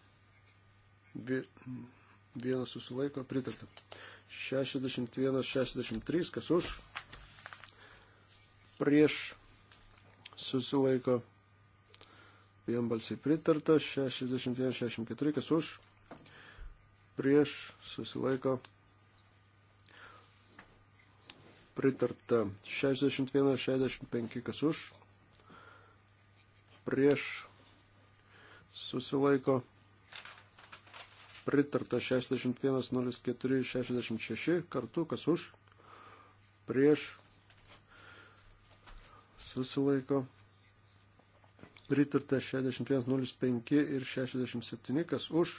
D: vienas susilaiko pritarta. 61, 63, kas už, prieš susilaiko vienbalsiai pritarta, 61, 64, kas už, prieš susilaiko pritarta, 61, 65, kas už, prieš susilaiko pritarta pritarta 61, 04, 66 kartu, kas už, prieš, susilaiko, pritarta 61, 05 ir 67, kas už,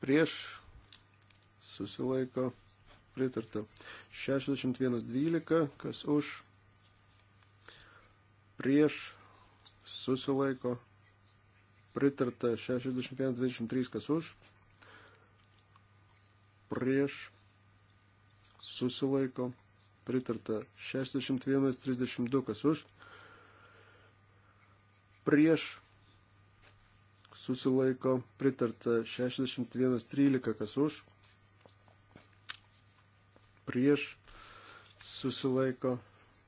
D: prieš, susilaiko, pritarta 61, 12, kas už, prieš, susilaiko, pritarta 61-23, kas už, prieš, susilaiko, pritarta 61-32, kas už, prieš, susilaiko, pritarta 61-13, kas už, prieš, susilaiko,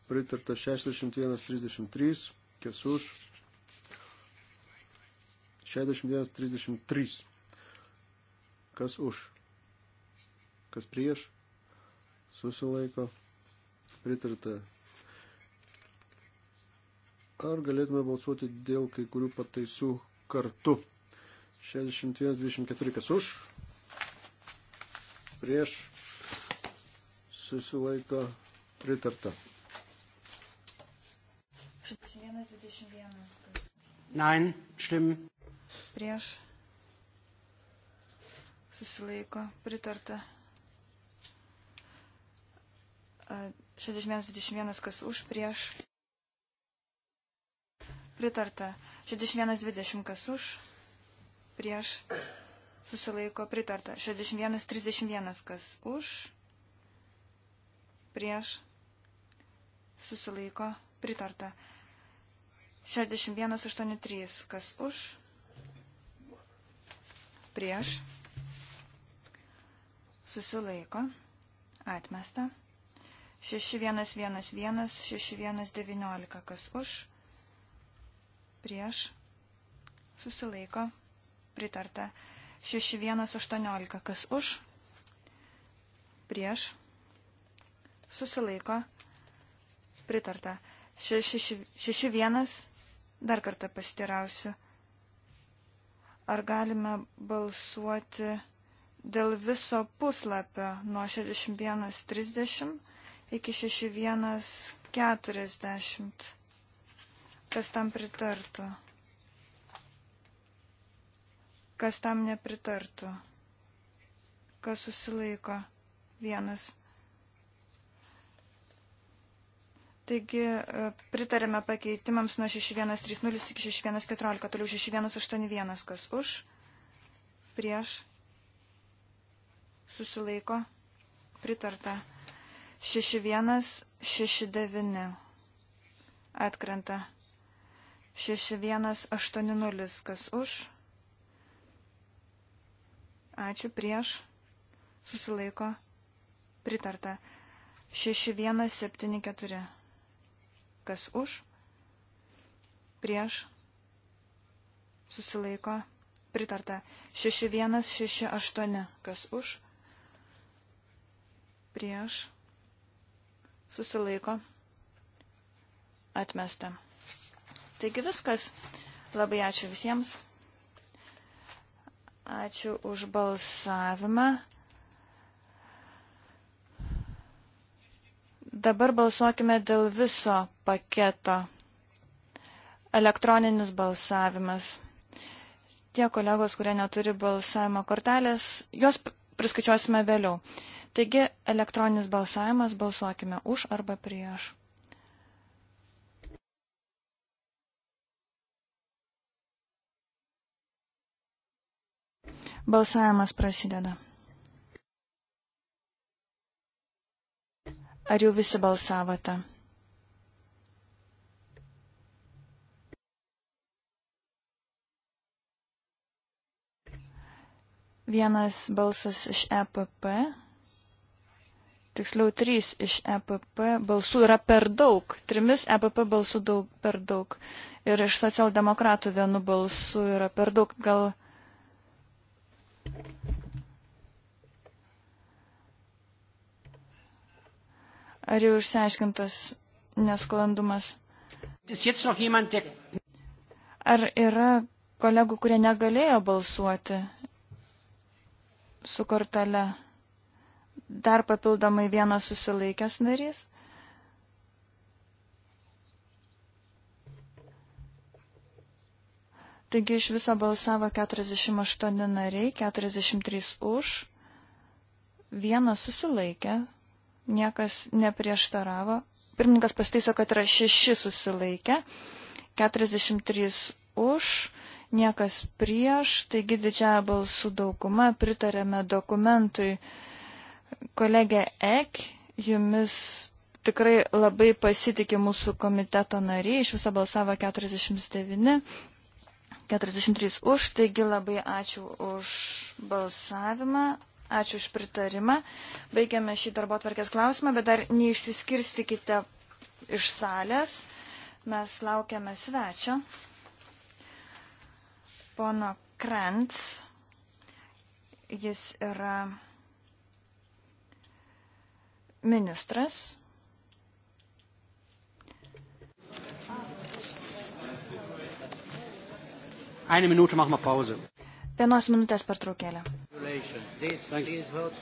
D: pritarta 61-33, kas už, 61.33. Kas už? Kas prieš? Susilaiko. Pritarta. Ar galėtume balsuoti dėl kai kurių pataisų kartu? 61.24. Kas už? Prieš? Susilaiko.
B: Pritarta. 61.21. Nein, stimmen prieš susilaiko pritarta. 61.21 kas už prieš pritarta. 61.20 kas už prieš susilaiko pritarta. 61.31 kas už prieš susilaiko pritarta. 61.83 kas už prieš, susilaiko, atmesta. 6111, 6119, kas už, prieš, susilaiko, pritarta. 6118, kas už, prieš, susilaiko, pritarta. 61, dar kartą pasitirausiu. Ar galime balsuoti dėl viso puslapio nuo 61.30 iki 61.40? Kas tam pritartų? Kas tam nepritartų? Kas susilaiko? Vienas. Taigi e, pritarėme pakeitimams nuo 6130 iki 6114, toliau 6181, kas už, prieš, susilaiko, pritarta, 6169, atkrenta, 6180, kas už, ačiū, prieš, susilaiko, pritarta, 6174 kas už, prieš, susilaiko, pritarta. 6168, kas už, prieš, susilaiko, atmesta. Taigi viskas. Labai ačiū visiems. Ačiū už balsavimą. Dabar balsuokime dėl viso paketo. Elektroninis balsavimas. Tie kolegos, kurie neturi balsavimo kortelės, jos priskaičiuosime vėliau. Taigi elektroninis balsavimas balsuokime už arba prieš. Balsavimas prasideda. Ar jau visi balsavote? Vienas balsas iš EPP, tiksliau trys iš EPP balsų yra per daug, trimis EPP balsų daug, per daug. Ir iš socialdemokratų vienu balsu yra per daug, gal Ar jau išsiaiškintas nesklandumas? Ar yra kolegų, kurie negalėjo balsuoti su kortele? Dar papildomai vienas susilaikęs narys? Taigi iš viso balsavo 48 nariai, 43 už, vienas susilaikė, Niekas neprieštaravo. Pirmininkas pasteiso, kad yra šeši susilaikę, 43 už, niekas prieš, taigi didžiąją balsų daugumą pritarėme dokumentui. Kolegė Ek, jumis tikrai labai pasitikė mūsų komiteto nariai, iš viso balsavo 49, 43 už, taigi labai ačiū už balsavimą, Ačiū už pritarimą. Baigiame šį darbo tvarkės klausimą, bet dar neišsiskirstikite iš salės. Mes laukiame svečio. Pono Krantz. Jis yra ministras.
C: Eine Minute machen wir Pause.
B: Vienos minutės pertraukėlė.
A: Congratulations. This Thanks. is what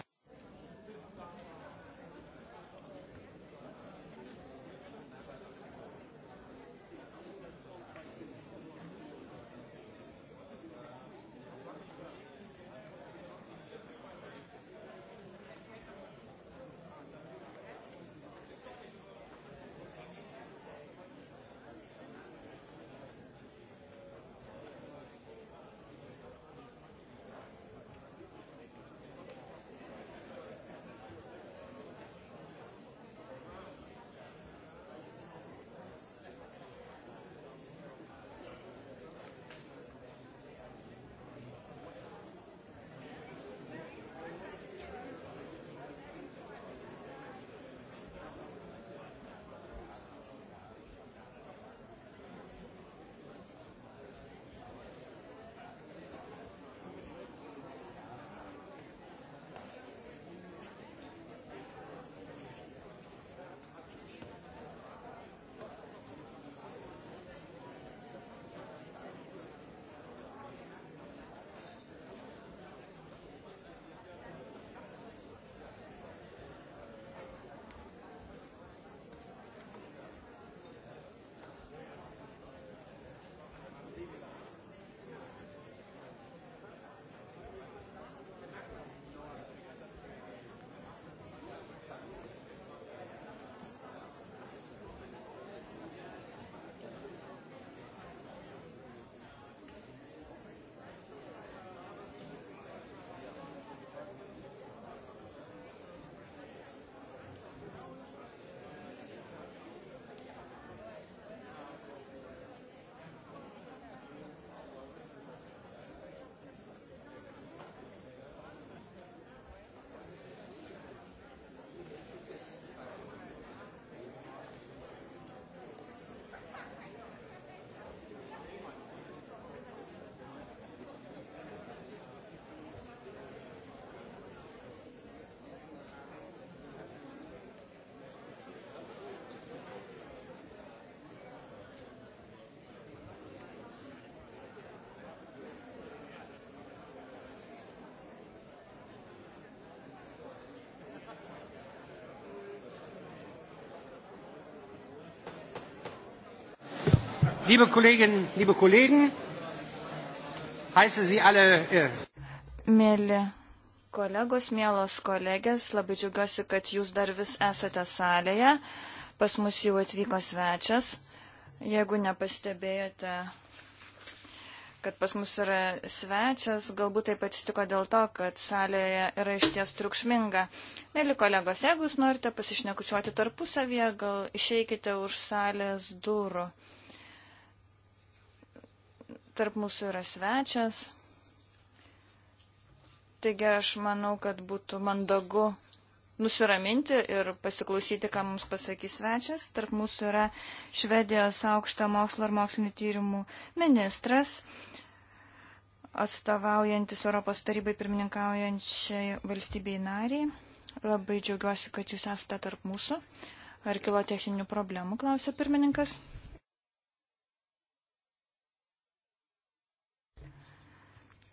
E: Liebe Kolleginnen, liebe Kollegen, heiße Sie alle. Äh,
B: Mėly kolegos, mielos kolegės, labai džiugiuosi, kad jūs dar vis esate salėje. Pas mus jau atvyko svečias. Jeigu nepastebėjote, kad pas mus yra svečias, galbūt taip atsitiko dėl to, kad salėje yra išties triukšminga. Mėly kolegos, jeigu jūs norite pasišnekučiuoti tarpusavyje, gal išeikite už salės durų tarp mūsų yra svečias. Taigi aš manau, kad būtų mandagu nusiraminti ir pasiklausyti, ką mums pasakys svečias. Tarp mūsų yra Švedijos aukšto mokslo ir mokslinių tyrimų ministras, atstovaujantis Europos tarybai pirmininkaujančiai valstybei nariai. Labai džiaugiuosi, kad jūs esate tarp mūsų. Ar kilo techninių problemų, klausė pirmininkas.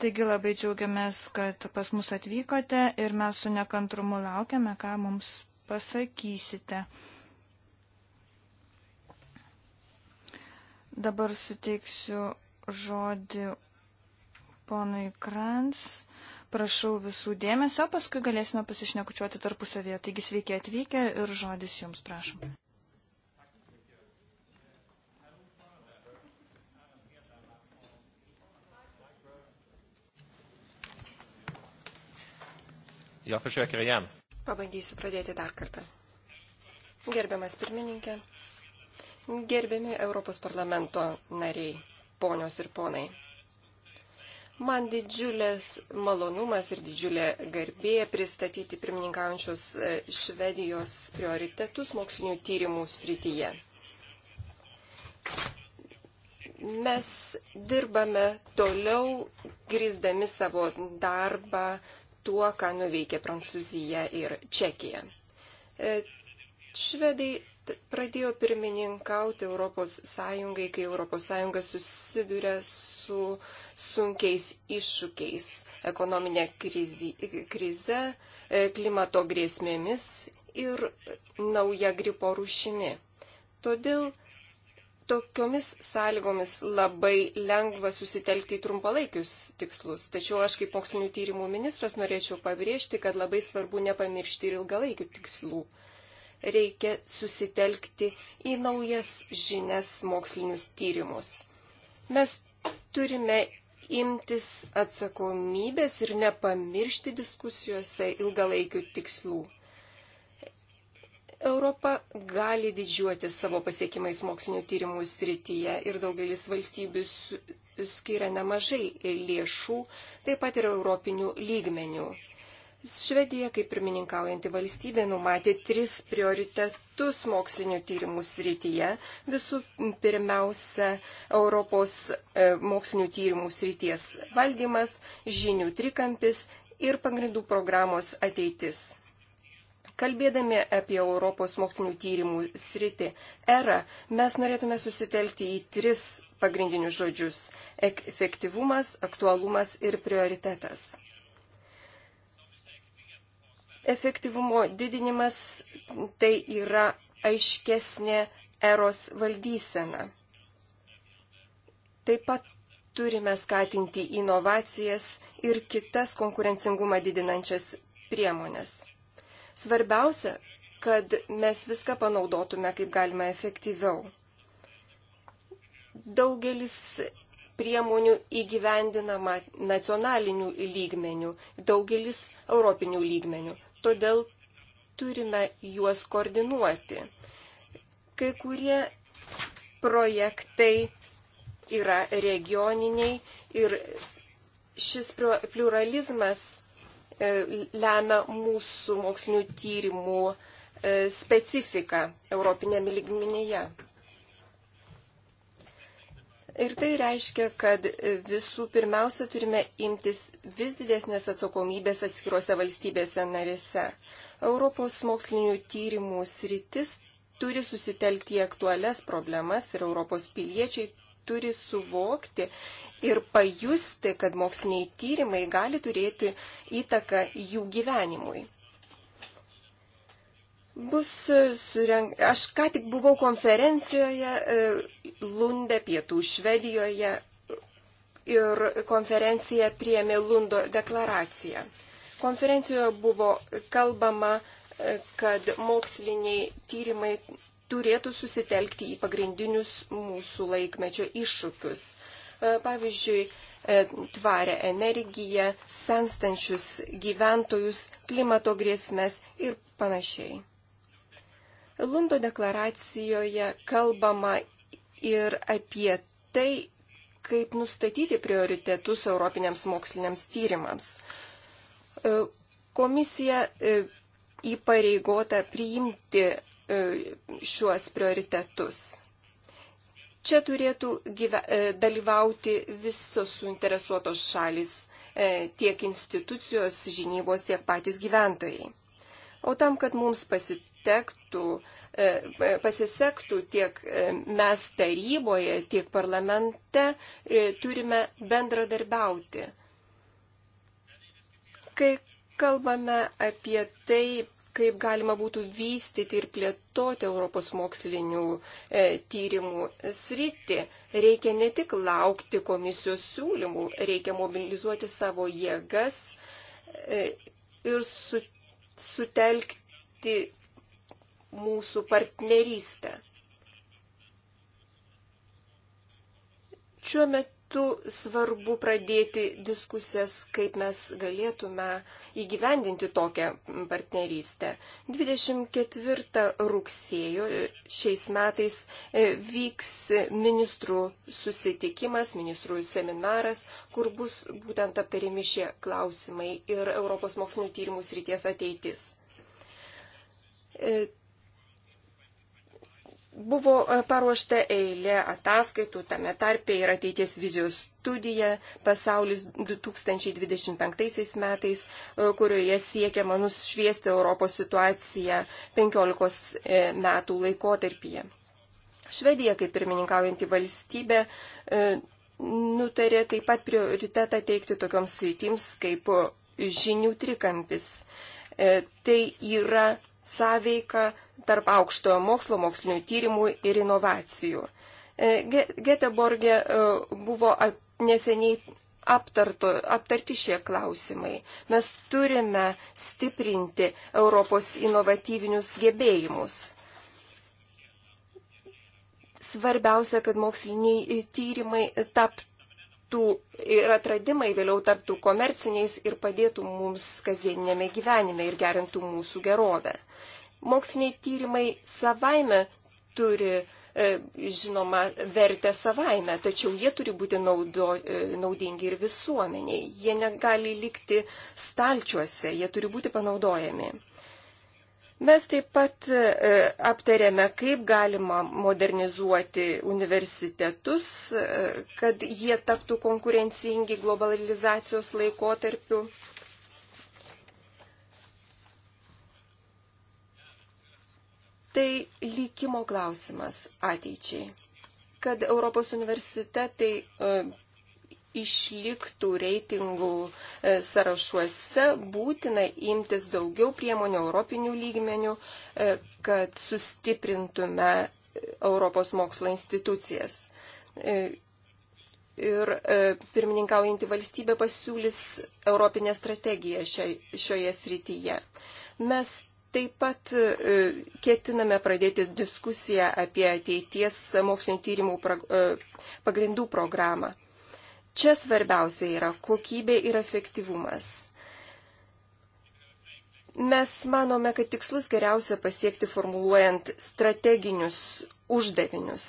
B: Taigi labai džiaugiamės, kad pas mus atvykote ir mes su nekantrumu laukiame, ką mums pasakysite. Dabar suteiksiu žodį ponui Krans. Prašau visų dėmesio, paskui galėsime pasišnekučiuoti tarpusavėje. Taigi sveiki atvykę ir žodis jums, prašom.
E: Jo pažiūrėk ir jam.
F: Pabandysiu pradėti dar kartą. Gerbiamas pirmininkė, gerbiami Europos parlamento nariai, ponios ir ponai. Man didžiulės malonumas ir didžiulė garbė pristatyti pirmininkaujančios e, Švedijos prioritetus mokslinių tyrimų srityje. Mes dirbame toliau, grįsdami savo darbą tuo, ką nuveikė Prancūzija ir Čekija. E, švedai pradėjo pirmininkauti Europos Sąjungai, kai Europos Sąjunga susiduria su sunkiais iššūkiais - ekonominė krizi, krize, e, klimato grėsmėmis ir nauja gripo rušimi. Todėl Tokiomis sąlygomis labai lengva susitelkti į trumpalaikius tikslus, tačiau aš kaip mokslinių tyrimų ministras norėčiau pabrėžti, kad labai svarbu nepamiršti ir ilgalaikių tikslų. Reikia susitelkti į naujas žinias mokslinius tyrimus. Mes turime imtis atsakomybės ir nepamiršti diskusijose ilgalaikių tikslų. Europa gali didžiuoti savo pasiekimais mokslinių tyrimų srityje ir daugelis valstybių skiria nemažai lėšų, taip pat ir europinių lygmenių. Švedija, kaip pirmininkaujanti valstybė, numatė tris prioritetus mokslinių tyrimų srityje. Visų pirmiausia, Europos e, mokslinių tyrimų srities valdymas, žinių trikampis ir pagrindų programos ateitis. Kalbėdami apie Europos mokslinių tyrimų sritį erą, mes norėtume susitelkti į tris pagrindinius žodžius - efektyvumas, aktualumas ir prioritetas. Efektyvumo didinimas tai yra aiškesnė eros valdysena. Taip pat turime skatinti inovacijas ir kitas konkurencingumą didinančias priemonės. Svarbiausia, kad mes viską panaudotume kaip galima efektyviau. Daugelis priemonių įgyvendinama nacionalinių lygmenių, daugelis europinių lygmenių. Todėl turime juos koordinuoti. Kai kurie projektai yra regioniniai ir šis pluralizmas E, lemia mūsų mokslinių tyrimų e, specifiką Europinėme lygmenyje. Ir tai reiškia, kad visų pirmiausia turime imtis vis didesnės atsakomybės atskiruose valstybėse narėse. Europos mokslinių tyrimų sritis turi susitelkti į aktualias problemas ir Europos piliečiai turi suvokti ir pajusti, kad moksliniai tyrimai gali turėti įtaką jų gyvenimui. Bus sureng... Aš ką tik buvau konferencijoje e, Lunde, pietų Švedijoje ir konferencija priemė Lundo deklaraciją. Konferencijoje buvo kalbama, e, kad moksliniai tyrimai turėtų susitelkti į pagrindinius mūsų laikmečio iššūkius. E, pavyzdžiui, e, tvarę energiją, senstančius gyventojus, klimato grėsmės ir panašiai. Lundo deklaracijoje kalbama ir apie tai, kaip nustatyti prioritetus europiniams moksliniams tyrimams. E, komisija įpareigota priimti E, šiuos prioritetus. Čia turėtų gyve, e, dalyvauti visos suinteresuotos šalis, e, tiek institucijos žinybos, tiek patys gyventojai. O tam, kad mums pasitektų, pasisektų tiek mes taryboje, tiek parlamente, turime bendradarbiauti. Kai kalbame apie tai, kaip galima būtų vystyti ir plėtoti Europos mokslinių e, tyrimų sritį. Reikia ne tik laukti komisijos siūlymų, reikia mobilizuoti savo jėgas e, ir su, sutelkti mūsų partnerystę. Šiuo metu metu svarbu pradėti diskusijas, kaip mes galėtume įgyvendinti tokią partnerystę. 24 rugsėjo šiais metais e, vyks ministrų susitikimas, ministrų seminaras, kur bus būtent aptarimi šie klausimai ir Europos mokslinių tyrimų srities ateitis e, Buvo e, paruošta eilė ataskaitų, tame tarpe ir ateities vizijos studija pasaulis 2025 metais, e, kurioje siekiama nušviesti Europos situaciją 15 e, metų laikotarpyje. Švedija, kaip pirmininkaujanti valstybė, nutarė taip pat prioritetą teikti tokioms sritims kaip žinių trikampis. Tai yra sąveika tarp aukštojo mokslo, mokslinių tyrimų ir inovacijų. E, Geteborgė e, buvo neseniai aptarto, aptarti šie klausimai. Mes turime stiprinti Europos inovatyvinius gebėjimus. Svarbiausia, kad moksliniai tyrimai taptų ir atradimai vėliau taptų komerciniais ir padėtų mums kasdieninėme gyvenime ir gerintų mūsų gerovę moksliniai tyrimai savaime turi, e, žinoma, vertę savaime, tačiau jie turi būti naudo, e, naudingi ir visuomeniai. Jie negali likti stalčiuose, jie turi būti panaudojami. Mes taip pat e, aptarėme, kaip galima modernizuoti universitetus, kad jie taptų konkurencingi globalizacijos laikotarpiu. tai likimo klausimas ateičiai, kad Europos universitetai e, išliktų reitingų e, sąrašuose, būtina imtis daugiau priemonių europinių lygmenių, e, kad sustiprintume Europos mokslo institucijas. Ir pirmininkaujantį valstybę pasiūlys Europinę strategiją šioje srityje. Mes Taip pat e, ketiname pradėti diskusiją apie ateities mokslinio tyrimų e, pagrindų programą. Čia svarbiausia yra kokybė ir efektyvumas. Mes manome, kad tikslus geriausia pasiekti formuluojant strateginius uždavinius.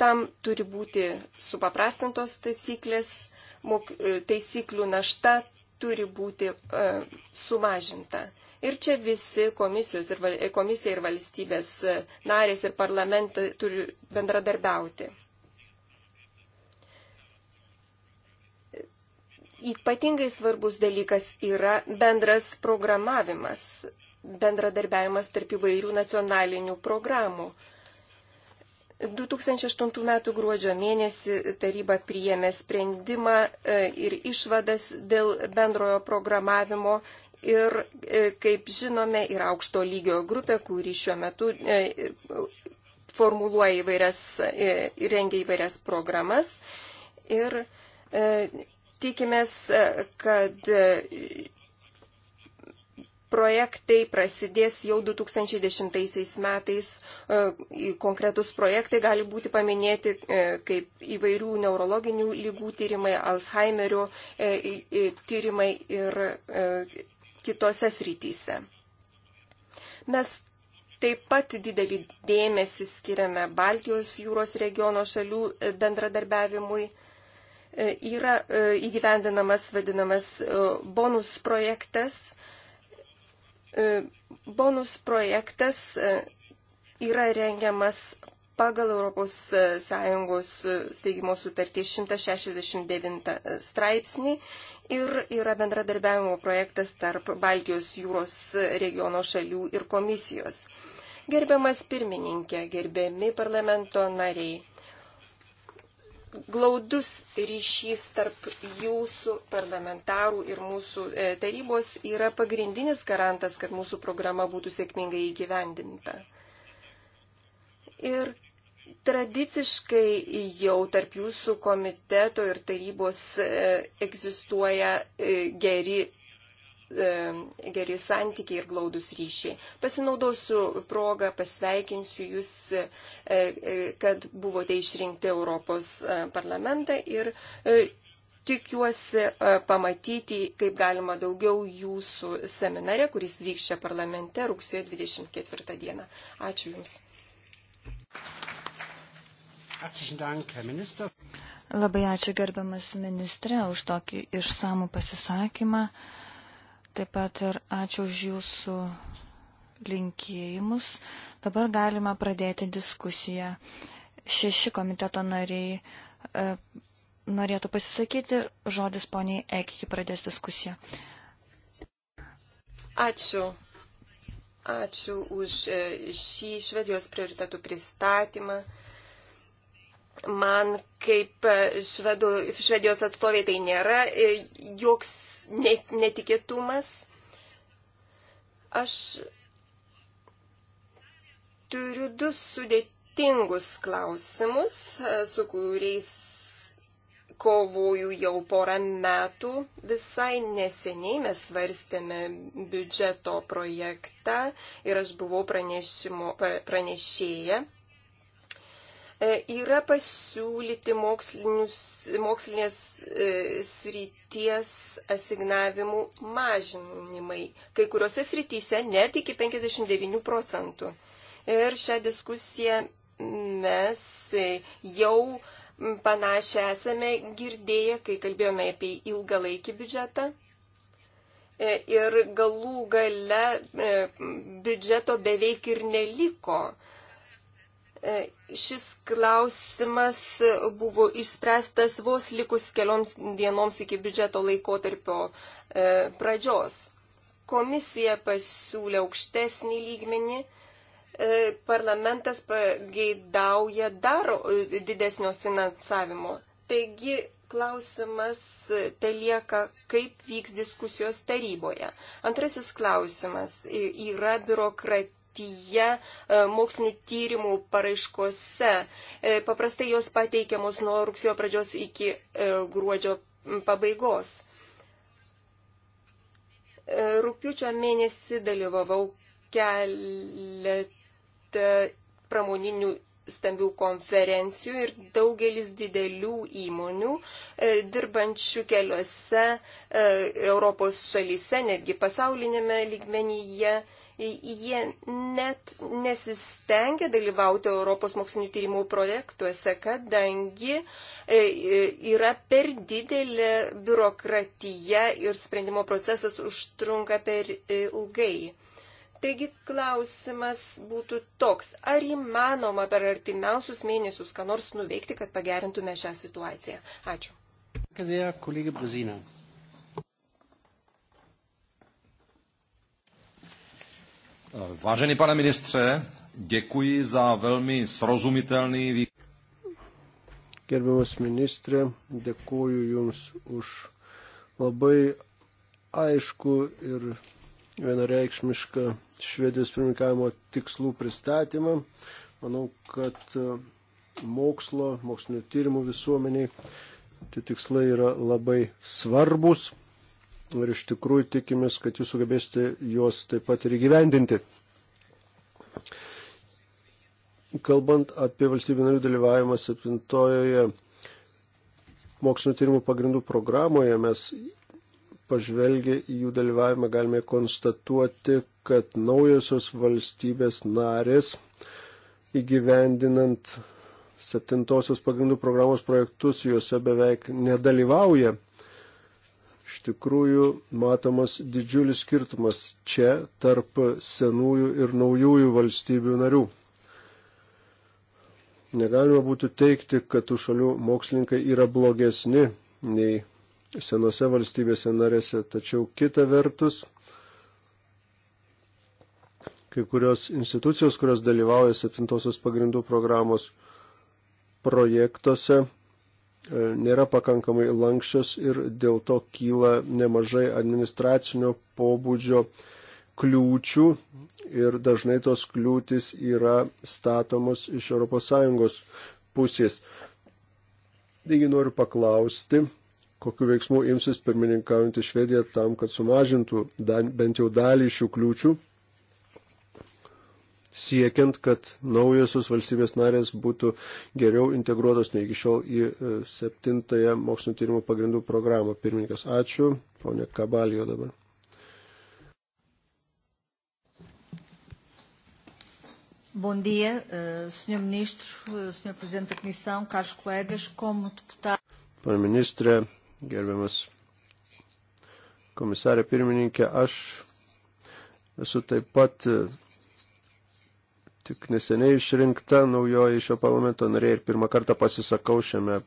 F: Tam turi būti supaprastintos taisyklės, e, taisyklių našta turi būti e, sumažinta. Ir čia visi komisijos ir, komisija ir valstybės narės ir parlamentai turi bendradarbiauti. Ypatingai svarbus dalykas yra bendras programavimas, bendradarbiavimas tarp įvairių nacionalinių programų. 2008 m. gruodžio mėnesį taryba priėmė sprendimą e, ir išvadas dėl bendrojo programavimo Ir, e, kaip žinome, yra aukšto lygio grupė, kuri šiuo metu e, formuluoja įvairias, e, rengia įvairias programas. Ir tikimės, kad projektai prasidės jau 2010 metais. Konkretus projektai gali būti paminėti kaip įvairių neurologinių lygų tyrimai, Alzheimerio tyrimai ir kitose srityse. Mes taip pat didelį dėmesį skiriame Baltijos jūros regiono šalių e, bendradarbiavimui. E, yra e, įgyvendinamas vadinamas bonus projektas. Bonus projektas yra rengiamas pagal ES steigimo sutarties 169 straipsnį ir yra bendradarbiavimo projektas tarp Baltijos jūros regiono šalių ir komisijos. Gerbiamas pirmininkė, gerbiami parlamento nariai, glaudus ryšys tarp jūsų parlamentarų ir mūsų e, tarybos yra pagrindinis garantas, kad mūsų programa būtų sėkmingai įgyvendinta. Ir tradiciškai jau tarp jūsų komiteto ir tarybos e, egzistuoja e, geri, e, geri santykiai ir glaudus ryšiai. Pasinaudosiu progą, pasveikinsiu jūs, kad buvote išrinkti Europos parlamentą ir tikiuosi pamatyti, kaip galima daugiau jūsų seminare, kuris vyks čia parlamente rugsėjo 24 dieną. Ačiū Jums.
B: Labai ačiū gerbiamas ministrė už tokį išsamų pasisakymą. Taip pat ir ačiū už jūsų linkėjimus. Dabar galima pradėti diskusiją. Šeši komiteto nariai e, norėtų pasisakyti. Žodis poniai Ekki pradės diskusiją.
F: Ačiū. Ačiū už e, šį švedijos prioritetų pristatymą. Man kaip e, švedų, švedijos atstovė tai nėra e, joks netikėtumas. Aš turiu du sudėtingus klausimus, e, su kuriais kovoju jau porą metų. Visai neseniai mes svarstėme biudžeto projektą ir aš buvau pranešėja E, yra pasiūlyti mokslinės e, srities asignavimų mažinimai, kai kuriuose srityse net iki 59 procentų. Ir šią diskusiją mes e, jau panašią esame girdėję, kai kalbėjome apie ilgalaikį biudžetą. Ir galų gale biudžeto beveik ir neliko E, šis klausimas buvo išspręstas vos likus kelioms dienoms iki biudžeto laikotarpio e, pradžios. Komisija pasiūlė aukštesnį lygmenį, e, parlamentas pageidauja dar didesnio finansavimo. Taigi klausimas tai lieka, kaip vyks diskusijos taryboje. Antrasis klausimas yra biurokratija srityje e, mokslinių tyrimų paraiškose. E, paprastai jos pateikiamos nuo rugsėjo pradžios iki e, gruodžio pabaigos. Rūpiučio mėnesį dalyvavau keletą pramoninių stambių konferencijų ir daugelis didelių įmonių e, dirbančių keliose e, Europos šalyse, netgi pasaulinėme lygmenyje, jie net nesistengia dalyvauti Europos mokslinių tyrimų projektuose, kadangi e, e, yra per didelė biurokratija ir sprendimo procesas užtrunka per e, ilgai. Taigi klausimas būtų toks, ar įmanoma per artimiausius mėnesius ką nors nuveikti, kad pagerintume šią situaciją? Ačiū.
D: Kazėja, kolegė
E: Brazina. Vážený pane ministře, děkuji za velmi srozumitelný výklad.
D: Gerbiamas ministrė, dėkuoju Jums už labai aišku ir vienareikšmišką Švedijos pirmininkavimo tikslų pristatymą. Manau, kad e, mokslo, mokslinio tyrimų visuomeniai tie tikslai yra labai svarbus ir iš tikrųjų tikimės, kad jūs sugebėsite juos taip pat ir įgyvendinti. Kalbant apie valstybių narių dalyvavimą septintojoje mokslinio tyrimų pagrindų programoje, mes pažvelgę į jų dalyvavimą galime konstatuoti, kad naujosios valstybės narės įgyvendinant septintosios pagrindų programos projektus juose beveik nedalyvauja. Iš tikrųjų matomas didžiulis skirtumas čia tarp senųjų ir naujųjų valstybių narių. Negalima būtų teikti, kad tų šalių mokslininkai yra blogesni nei senose valstybėse narėse, tačiau kita vertus, kai kurios institucijos, kurios dalyvauja septintosios pagrindų programos projektuose, E, nėra pakankamai lankščios ir dėl to kyla nemažai administracinio pobūdžio kliūčių ir dažnai tos kliūtis yra statomos iš ES pusės. Taigi noriu paklausti, kokiu veiksmu imsis pirmininkaujantį Švediją tam, kad sumažintų bent jau dalį šių kliūčių siekiant, kad naujosios valstybės narės būtų geriau integruotos nei iki šiol į e, septintąją mokslinio tyrimo pagrindų programą. Pirmininkas, ačiū. Pone Kabalijo dabar.
B: Bom dia, uh, eh, Sr. Ministro, eh, Sr. Presidente da Comissão, caros colegas, como deputado.
D: Pane ministrė, gerbiamas komisarė pirmininkė, aš esu taip pat uh, tik neseniai išrinkta naujoji šio parlamento narė ir pirmą kartą pasisakau šiame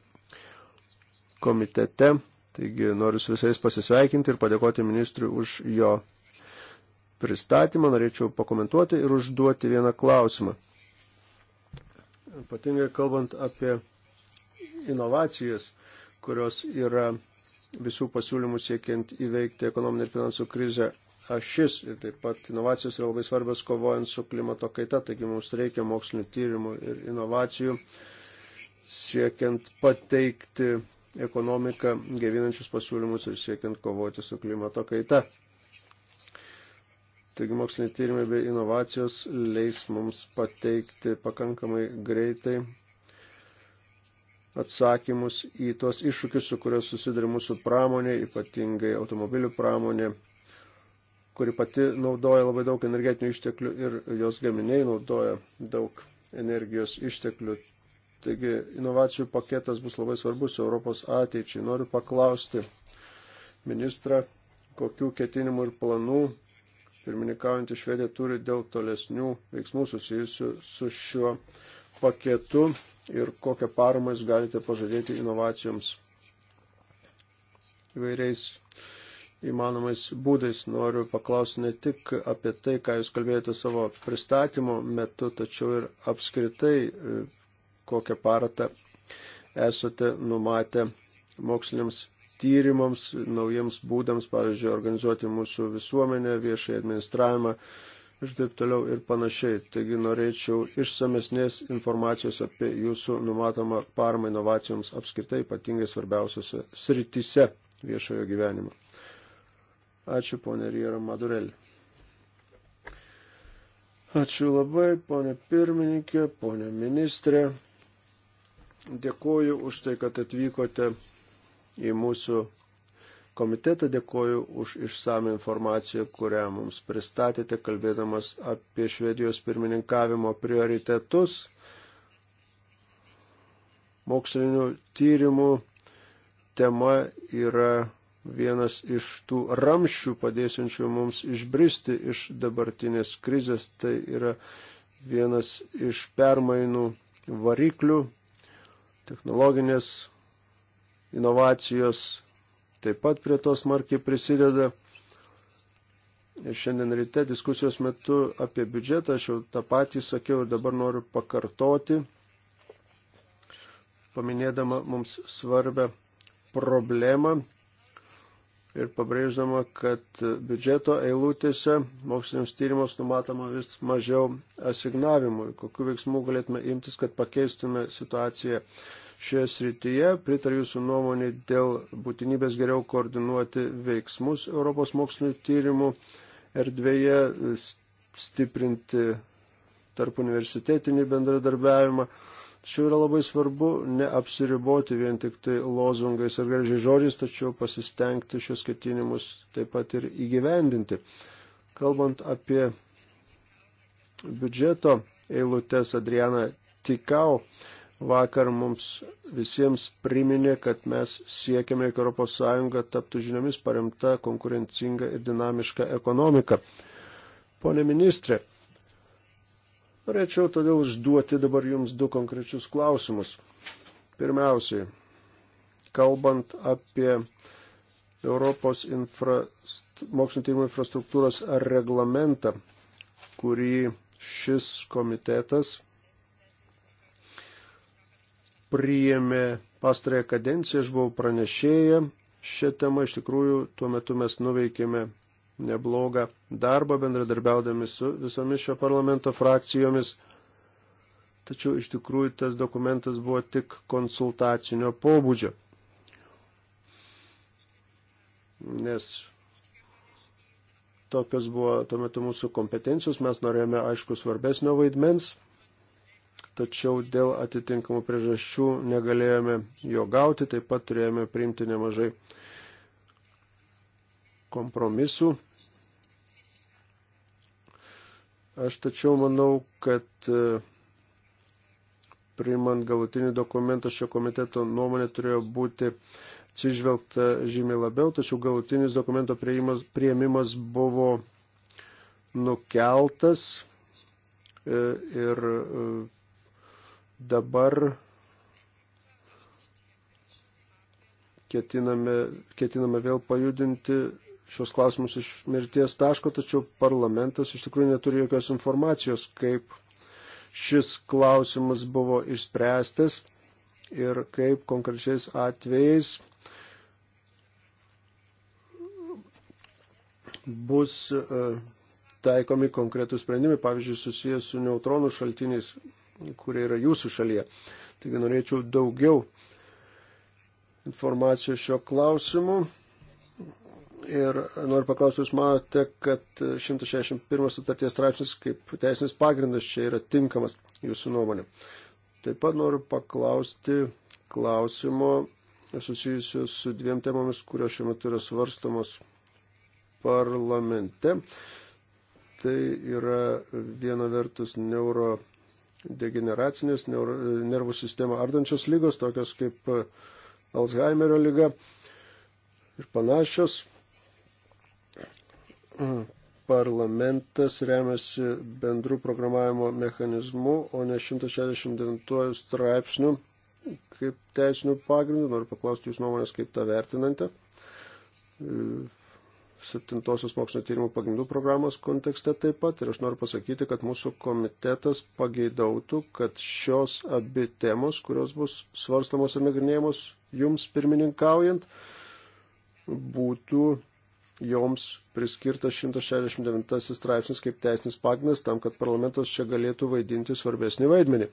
D: komitete. Taigi noriu su visais pasisveikinti ir padėkoti ministriui už jo pristatymą. Norėčiau pakomentuoti ir užduoti vieną klausimą. Ypatingai kalbant apie inovacijas, kurios yra visų pasiūlymų siekiant įveikti ekonominę ir finansų krizę ašis ir taip pat inovacijos yra labai svarbios kovojant su klimato kaita, taigi mums reikia mokslinio tyrimų ir inovacijų siekiant pateikti ekonomiką gaivinančius pasiūlymus ir siekiant kovoti su klimato kaita. Taigi moksliniai tyrimai bei inovacijos leis mums pateikti pakankamai greitai atsakymus į tuos iššūkius, su kuriuo susiduria mūsų pramonė, ypatingai automobilių pramonė, kuri pati naudoja labai daug energetinių išteklių ir jos gaminiai naudoja daug energijos išteklių. Taigi inovacijų paketas bus labai svarbus Europos ateičiai. Noriu paklausti ministrą, kokių ketinimų ir planų pirmininkaujantį Švediją turi dėl tolesnių veiksmų susijusių su šiuo paketu ir kokią paramą jūs galite pažadėti inovacijoms įvairiais įmanomais būdais. Noriu paklausti ne tik apie tai, ką Jūs kalbėjote savo pristatymo metu, tačiau ir apskritai, e, kokią paratą esate numatę moksliniams tyrimams, naujiems būdams, pavyzdžiui, organizuoti mūsų visuomenę, viešai administravimą ir taip toliau ir panašiai. Taigi norėčiau išsamesnės informacijos apie jūsų numatomą paramą inovacijoms apskritai, ypatingai svarbiausiose srityse viešojo gyvenimo. Ačiū, ponė Riera Madurelė. Ačiū labai, ponė pirmininkė, ponė ministrė. Dėkoju už tai, kad atvykote į mūsų komitetą. Dėkoju už išsame informaciją, kurią mums pristatėte, kalbėdamas apie Švedijos pirmininkavimo prioritetus, mokslinių tyrimų tema yra vienas iš tų ramščių padėsiančių mums išbristi iš dabartinės krizės, tai yra vienas iš permainų variklių, technologinės inovacijos taip pat prie to smarkiai prisideda. Ir šiandien ryte diskusijos metu apie biudžetą aš jau tą patį sakiau ir dabar noriu pakartoti, paminėdama mums svarbę problemą, ir pabrėždama, kad biudžeto eilutėse moksliniams tyrimams numatoma vis mažiau asignavimų. Kokiu veiksmu galėtume imtis, kad pakeistume situaciją šioje srityje? Pritariu jūsų nuomonį dėl būtinybės geriau koordinuoti veiksmus Europos mokslinio tyrimų erdvėje, stiprinti tarp universitetinį bendradarbiavimą. Tačiau yra labai svarbu neapsiriboti vien tik tai lozungais ar gražiai žodžiais, tačiau pasistengti šios ketinimus taip pat ir įgyvendinti. Kalbant apie biudžeto eilutes, Adriana Tikau vakar mums visiems priminė, kad mes siekiame, kad ES taptų žiniomis paremta konkurencinga ir dinamiška ekonomika. Pone ministrė, Norėčiau todėl užduoti dabar jums du konkrečius klausimus. Pirmiausiai, kalbant apie Europos infra, mokslinio tyrimų infrastruktūros reglamentą, kurį šis komitetas priėmė pastarąją kadenciją, aš buvau pranešėję šią temą, iš tikrųjų tuo metu mes nuveikėme neblogą darbą bendradarbiaudami su visomis šio parlamento frakcijomis. Tačiau iš tikrųjų tas dokumentas buvo tik konsultacinio pobūdžio. Nes tokios buvo tuo metu mūsų kompetencijos, mes norėjome aišku svarbesnio vaidmens, tačiau dėl atitinkamų priežasčių negalėjome jo gauti, taip pat turėjome priimti nemažai kompromisų. Aš tačiau manau, kad e, priimant galutinį dokumentą šio komiteto nuomonė turėjo būti atsižvelgta žymiai labiau, tačiau galutinis dokumento prieimas, prieimimas buvo nukeltas e, ir e, dabar ketiname, ketiname vėl pajudinti šios klausimus iš mirties taško, tačiau parlamentas iš tikrųjų neturi jokios informacijos, kaip šis klausimas buvo išspręstas ir kaip konkrečiais atvejais bus e, taikomi konkretų sprendimai, pavyzdžiui, susijęs su neutronų šaltiniais, kurie yra jūsų šalyje. Taigi norėčiau daugiau informacijos šio klausimu ir noriu paklausti, jūs manote, kad 161 sutarties straipsnis kaip teisinis pagrindas čia yra tinkamas jūsų nuomonė. Taip pat noriu paklausti klausimo susijusio su dviem temomis, kurios šiuo metu yra svarstamos parlamente. Tai yra viena vertus neuro degeneracinės, neuro, nervų sistemą ardančios lygos, tokios kaip Alzheimerio lyga ir panašios parlamentas remiasi bendrų programavimo mechanizmu, o ne 169 straipsnių kaip teisinių pagrindų. Noriu paklausti Jūsų nuomonės, kaip tą vertinate. Septintosios mokslinio tyrimų pagrindų programos kontekste taip pat. Ir aš noriu pasakyti, kad mūsų komitetas pageidautų, kad šios abi temos, kurios bus svarstamos ir nagrinėjamos jums pirmininkaujant, būtų joms priskirtas 169 straipsnis kaip teisinis pagrindas tam, kad parlamentas čia galėtų vaidinti svarbesnį vaidmenį.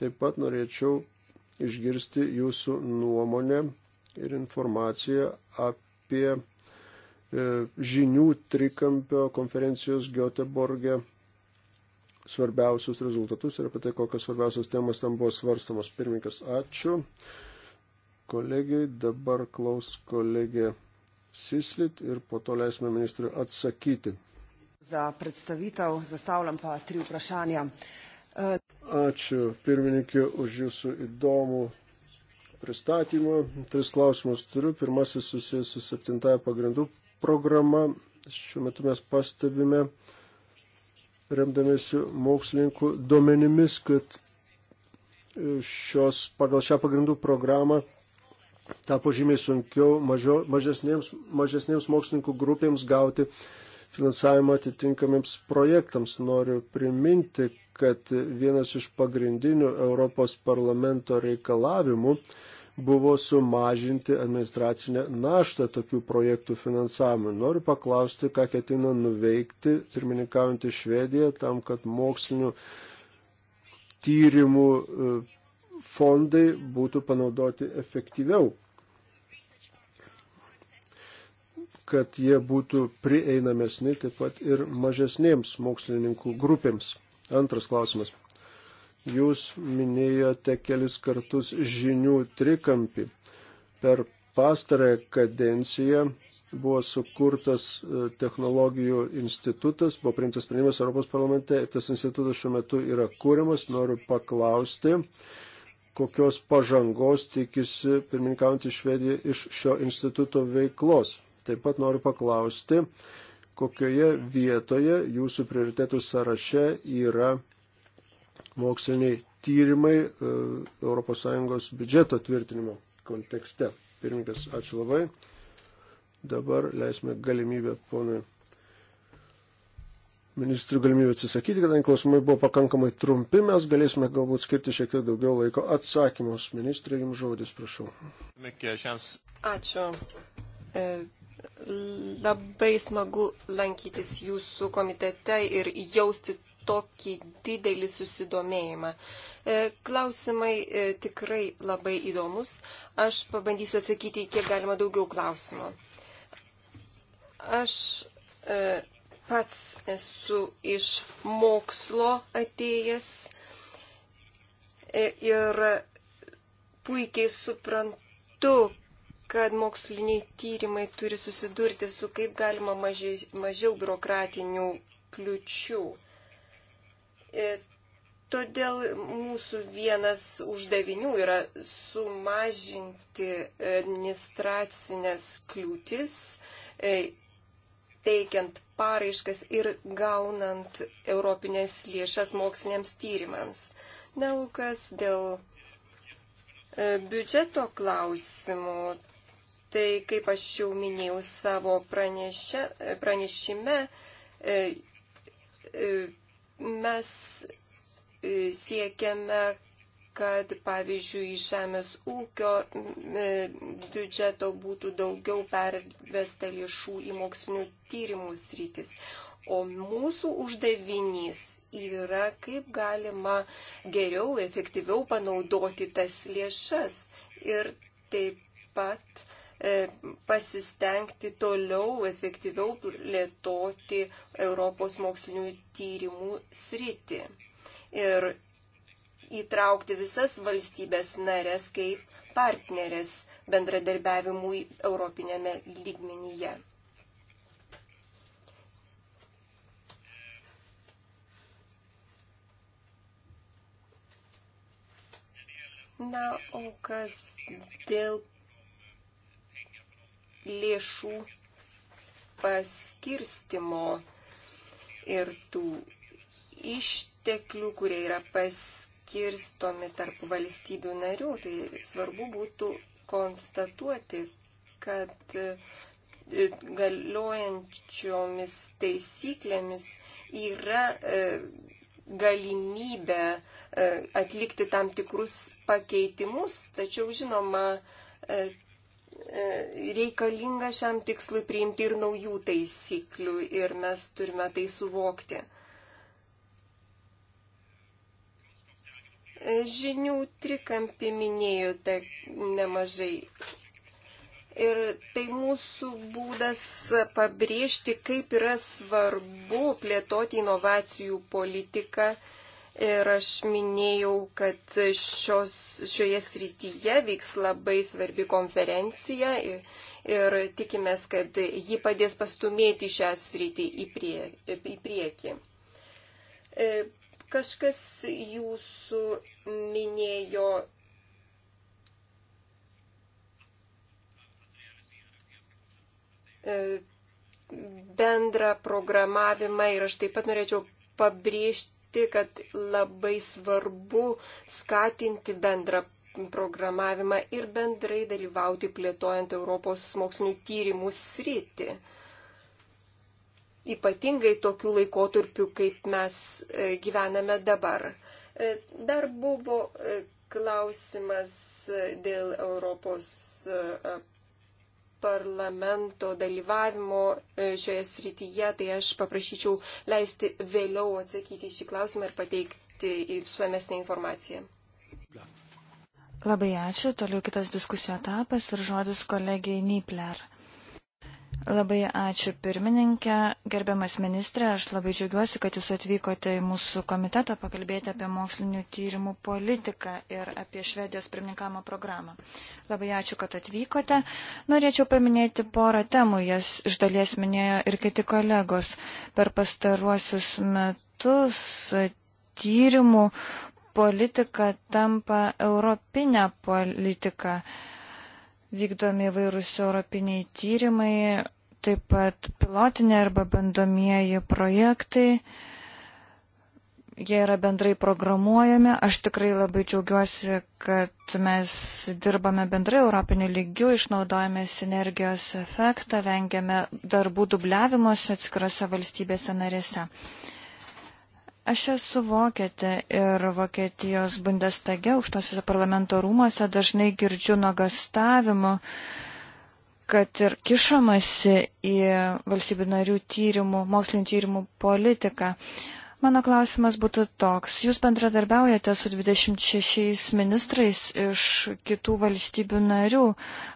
D: Taip pat norėčiau išgirsti jūsų nuomonę ir informaciją apie e, žinių trikampio konferencijos Göteborge svarbiausius rezultatus ir apie tai, kokios svarbiausios temos ten buvo svarstamos. Pirmininkas, ačiū kolegijai, dabar klaus kolegė Sislit ir po to leisime ministrui atsakyti.
B: Za predstavitev zastavljam pa tri vprašanja.
D: E, Ačiū pirmininkė už jūsų įdomų pristatymą. Tris klausimus turiu. Pirmasis susijęs su septintaja pagrindų programa. Šiuo metu mes pastebime, remdamėsi mokslininkų duomenimis, kad šios, pagal šią pagrindų programą tapo žymiai sunkiau mažio, mažesnėms, mažesnėms mokslininkų grupėms gauti finansavimą atitinkamiems projektams. Noriu priminti, kad vienas iš pagrindinių Europos parlamento reikalavimų buvo sumažinti administracinę naštą tokių projektų finansavimui. Noriu paklausti, ką ketina nuveikti pirmininkaujantį Švediją tam, kad mokslinių tyrimų e, fondai būtų panaudoti efektyviau, kad jie būtų prieinamesni taip pat ir mažesnėms mokslininkų grupėms. Antras klausimas. Jūs minėjote kelis kartus žinių trikampį. Per pastarąją kadenciją buvo sukurtas e, technologijų institutas, buvo priimtas sprendimas Europos parlamente, tas institutas šiuo metu yra kūrimas. Noriu paklausti, kokios pažangos tikisi pirmininkaujantį Švediją iš šio instituto veiklos. Taip pat noriu paklausti, kokioje vietoje jūsų prioritėtų sąraše yra moksliniai tyrimai e, ES biudžeto tvirtinimo kontekste. Pirmininkas, ačiū labai. Dabar leisime galimybę ponui ministrų galimybę atsisakyti, kadangi klausimai buvo pakankamai trumpi, mes galėsime galbūt skirti šiek tiek daugiau laiko atsakymus. Ministrė, jums žodis, prašau.
C: Ačiū. E,
F: labai smagu lankytis jūsų komitete ir jausti tokį didelį susidomėjimą. E, klausimai e, tikrai labai įdomus. Aš pabandysiu atsakyti kiek galima daugiau klausimų. Aš pats esu iš mokslo atėjęs e, ir puikiai suprantu, kad moksliniai tyrimai turi susidurti su kaip galima mažiai, mažiau biurokratinių kliučių. E, todėl mūsų vienas uždavinių yra sumažinti administracinės kliūtis e, teikiant paraiškas ir gaunant europinės lėšas moksliniams tyrimams. Naukas dėl e, biudžeto klausimų. Tai kaip aš jau minėjau savo praneše, e, pranešime, e, mes siekiame, kad pavyzdžiui iš žemės ūkio e, biudžeto būtų daugiau pervesta lėšų į mokslinių tyrimų sritis. O mūsų uždavinys yra, kaip galima geriau, efektyviau panaudoti tas lėšas ir taip pat e, pasistengti toliau efektyviau plėtoti Europos mokslinių tyrimų sritį. Ir įtraukti visas valstybės narės kaip partnerės bendradarbiavimui Europinėme lygmenyje. Na, o kas dėl lėšų paskirstimo ir tų išteklių, kurie yra paskirstimo skirstomi tarp valstybių narių, tai svarbu būtų konstatuoti, kad e, galiojančiomis taisyklėmis yra e, galimybė e, atlikti tam tikrus pakeitimus, tačiau žinoma, reikalinga šiam tikslui priimti ir naujų taisyklių ir mes turime tai suvokti. žinių trikampį minėjote nemažai. Ir tai mūsų būdas pabrėžti, kaip yra svarbu plėtoti inovacijų politiką. Ir aš minėjau, kad šios, šioje srityje vyks labai svarbi konferencija ir, ir tikimės, kad ji padės pastumėti šią sritį į, prie, į priekį. E, Kažkas jūsų minėjo e, bendrą programavimą ir aš taip pat norėčiau pabrėžti, kad labai svarbu skatinti bendrą programavimą ir bendrai dalyvauti plėtojant Europos mokslinių tyrimų sritį ypatingai tokių laikotarpių, kaip mes e, gyvename dabar. E, dar buvo e, klausimas dėl Europos parlamento dalyvavimo šioje srityje, tai aš paprašyčiau leisti vėliau atsakyti šį klausimą ir pateikti išsamesnę informaciją.
B: Labai ačiū. Toliau kitas diskusijų etapas ir žodis kolegijai Nipler. Labai ačiū pirmininkė, gerbiamas ministrė, aš labai džiaugiuosi, kad jūs atvykote į mūsų komitetą pakalbėti apie mokslinių tyrimų politiką ir apie Švedijos pirmininkamo programą. Labai ačiū, kad atvykote. Norėčiau paminėti porą temų, jas iš dalies minėjo ir kiti kolegos. Per pastaruosius metus tyrimų politika tampa europinė politika. Uh, vykdomi vairūs europiniai tyrimai, taip pat pilotinė arba bandomieji projektai. Jie yra bendrai programuojami. Aš tikrai labai džiaugiuosi, kad mes dirbame bendrai europiniu lygiu, išnaudojame sinergijos efektą, vengiame darbų dubliavimuose atskirose valstybėse narėse. Uh, Aš esu vokietė ir Vokietijos bundestage, aukštosiuose parlamento rūmose dažnai girdžiu nuogastavimu, kad ir kišamasi į valstybių narių tyrimų, mokslinio tyrimų politiką. Mano klausimas būtų toks. Jūs bendradarbiaujate su 26 ministrais iš kitų valstybių narių.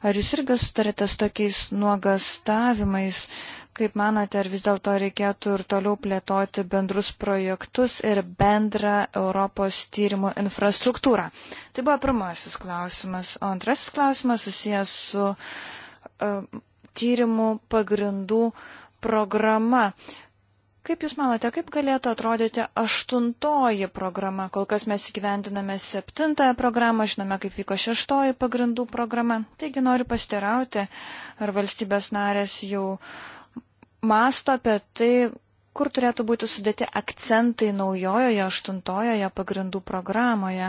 B: Ar jūs irgi sutarėte su tokiais nuogastavimais, Kaip manote, ar vis dėlto reikėtų ir toliau plėtoti bendrus projektus ir bendrą Europos tyrimų infrastruktūrą? Tai buvo pirmasis klausimas. O antrasis klausimas susijęs su uh, tyrimų pagrindų programa. Kaip Jūs manote, kaip galėtų atrodyti aštuntoji programa? Kol kas mes įgyvendiname septintąją programą, žinome, kaip vyko šeštoji pagrindų programa. Taigi noriu pasterauti, ar valstybės narės jau masto apie tai, kur turėtų būti sudėti akcentai naujojoje aštuntojoje pagrindų programoje.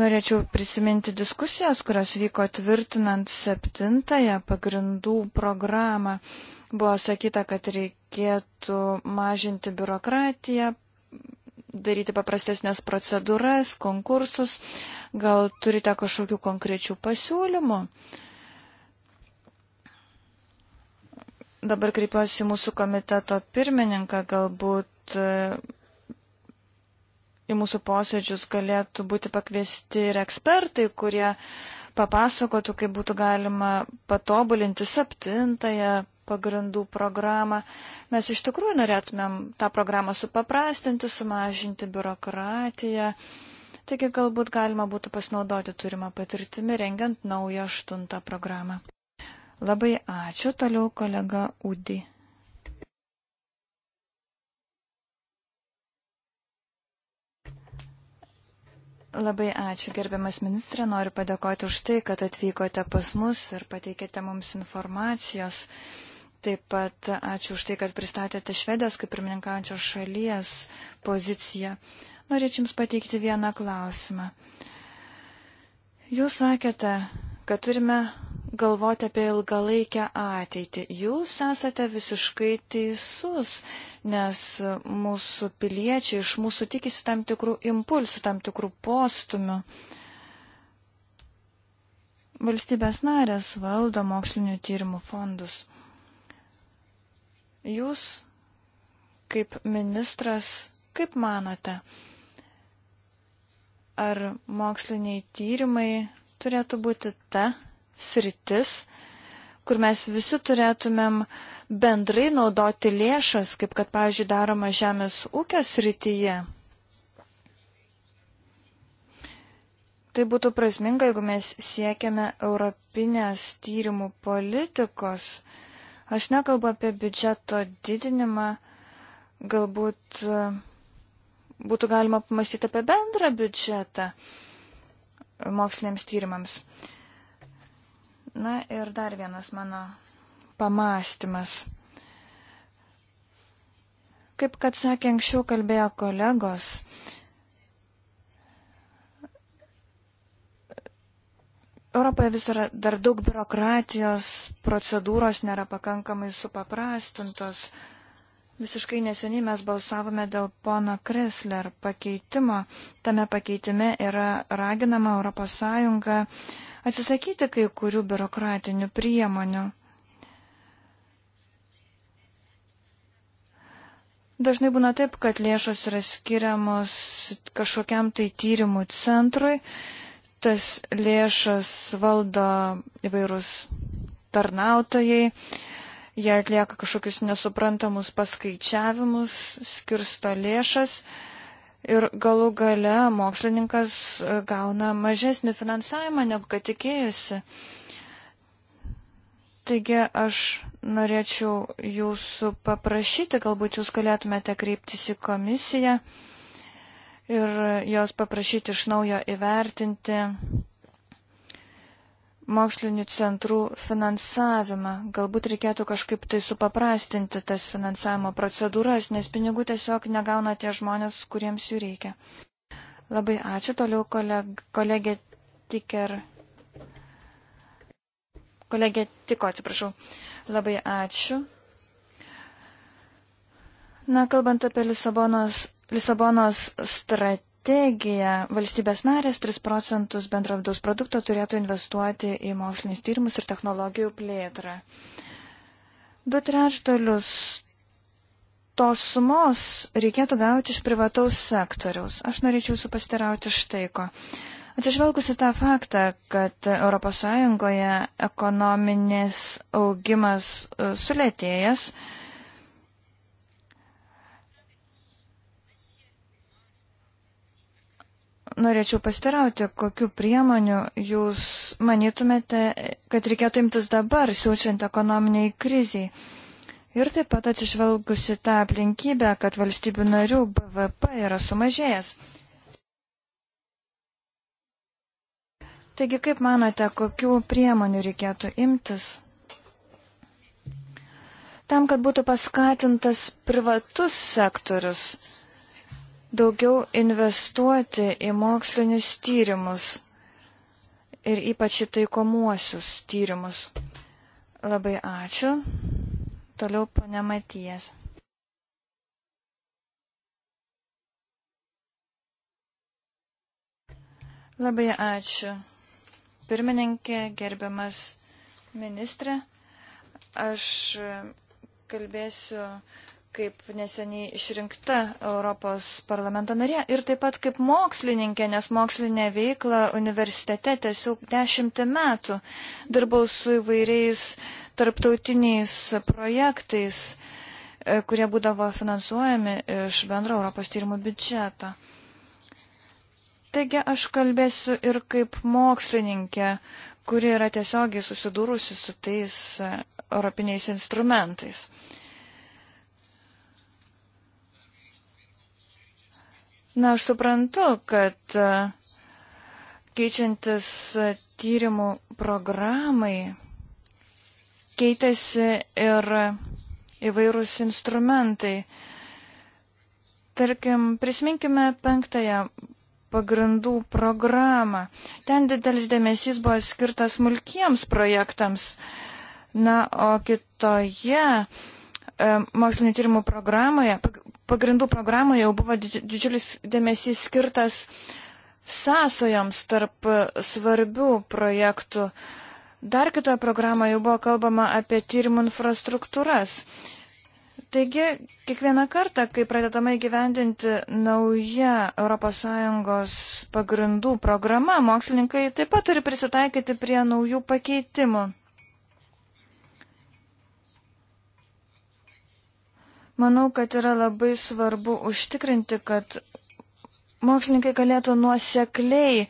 B: Norėčiau prisiminti diskusijas, kurios vyko tvirtinant septintąją pagrindų programą. Buvo sakyta, kad reikėtų mažinti biurokratiją, daryti paprastesnės procedūras, konkursus. Gal turite kažkokių konkrečių pasiūlymų? Uh, Dabar kreipiuosi mūsų komiteto pirmininką, galbūt e, į mūsų posėdžius galėtų būti pakviesti ir ekspertai, kurie papasakotų, kaip būtų galima patobulinti septintąją pagrindų programą. Mes iš tikrųjų norėtumėm tą programą supaprastinti, sumažinti biurokratiją. Taigi galbūt galima būtų pasinaudoti turimą patirtimį, rengiant naują aštuntą programą. Labai ačiū. Toliau kolega Udi. Labai ačiū, gerbiamas ministrė. Noriu padėkoti už tai, kad atvykote pas mus ir pateikėte mums informacijos. Taip pat ačiū už tai, kad pristatėte Švedijos kaip pirmininkaujančios šalies poziciją. Norėčiau Jums pateikti vieną klausimą. Jūs sakėte, kad turime galvoti apie ilgalaikę ateitį. Jūs esate visiškai teisus, nes mūsų piliečiai iš mūsų tikisi tam tikrų impulsų, tam tikrų postumių. Valstybės narės valdo mokslinių tyrimų fondus. Jūs, kaip ministras, kaip manote, ar moksliniai tyrimai turėtų būti ta sritis, kur mes visi turėtumėm bendrai naudoti lėšas, kaip kad, pavyzdžiui, daroma žemės ūkio srityje. Tai būtų prasminga, jeigu mes siekiame europinės tyrimų politikos. Aš nekalbu apie biudžeto didinimą, galbūt e, būtų galima pamastyti apie bendrą biudžetą moksliniams tyrimams. Uh, Na ir dar vienas mano pamastymas. Kaip kad sakė anksčiau kalbėjo kolegos, Europoje vis yra dar daug biurokratijos, procedūros nėra pakankamai supaprastintos. Visiškai neseniai mes balsavome dėl pono Kresler pakeitimo. Tame pakeitime yra raginama ES atsisakyti kai kurių biurokratinių priemonių. Dažnai būna taip, kad lėšos yra skiriamos kažkokiam tai tyrimų centrui, tas lėšas valdo įvairūs tarnautojai, jie atlieka kažkokius nesuprantamus paskaičiavimus, skirsto lėšas. Uh, ir galų gale mokslininkas e, gauna mažesnį finansavimą, negu kad tikėjusi. Taigi aš norėčiau jūsų paprašyti, galbūt jūs galėtumėte kreiptis į komisiją ir jos paprašyti iš naujo įvertinti mokslinių centrų finansavimą. Galbūt reikėtų kažkaip tai supaprastinti tas finansavimo procedūras, nes pinigų tiesiog negauna tie žmonės, kuriems jų reikia. Labai ačiū. Toliau koleg, kolegė Tiker. Kolegė Tiko, atsiprašau. Labai ačiū. Na, kalbant apie Lisabonos, Lisabonos strategiją strategiją valstybės narės 3 procentus bendro vidaus produkto turėtų investuoti į mokslinis tyrimus ir technologijų plėtrą. Du trečdalius tos sumos reikėtų gauti iš privataus sektoriaus. Aš norėčiau jūsų pastirauti štai ko. Atsižvelgusi tą faktą, kad ES ekonominės augimas e, sulėtėjęs, uh, Norėčiau pastirauti, kokiu priemoniu jūs manytumėte, kad reikėtų imtis dabar, siūčiant ekonominiai kriziai. Ir taip pat atsižvelgusi tą aplinkybę, kad valstybių narių BVP yra sumažėjęs. Taigi, kaip manote, kokių priemonių reikėtų imtis? Tam, kad būtų paskatintas privatus sektorius daugiau investuoti į mokslinius tyrimus ir ypač į taikomuosius tyrimus. Labai ačiū. Toliau pane Matijas. Labai ačiū. Pirmininkė, gerbiamas ministrė, aš kalbėsiu kaip neseniai išrinkta Europos parlamento narė ir taip pat kaip mokslininkė, nes mokslinė veikla universitete tiesiog dešimtį metų dirbau su įvairiais tarptautiniais projektais, e, kurie būdavo finansuojami iš bendro Europos tyrimų biudžeto. Taigi aš kalbėsiu ir kaip mokslininkė, kuri yra tiesiogiai susidūrusi su tais e, europiniais instrumentais. Na, aš suprantu, kad e, keičiantis tyrimų programai keitėsi ir įvairūs instrumentai. Tarkim, prisiminkime penktąją pagrindų programą. Ten didelis dėmesys buvo skirtas smulkiems projektams. Na, o kitoje e, mokslinio tyrimų programoje, pagrindų programoje jau buvo didžiulis dėmesys skirtas sąsojoms tarp svarbių projektų. Dar kitoje programoje jau buvo kalbama apie tyrimų infrastruktūras. Taigi, kiekvieną kartą, kai pradedama įgyvendinti nauja ES pagrindų programa, mokslininkai taip pat turi prisitaikyti prie naujų pakeitimų. Manau, kad yra labai svarbu užtikrinti, kad mokslininkai galėtų nuosekliai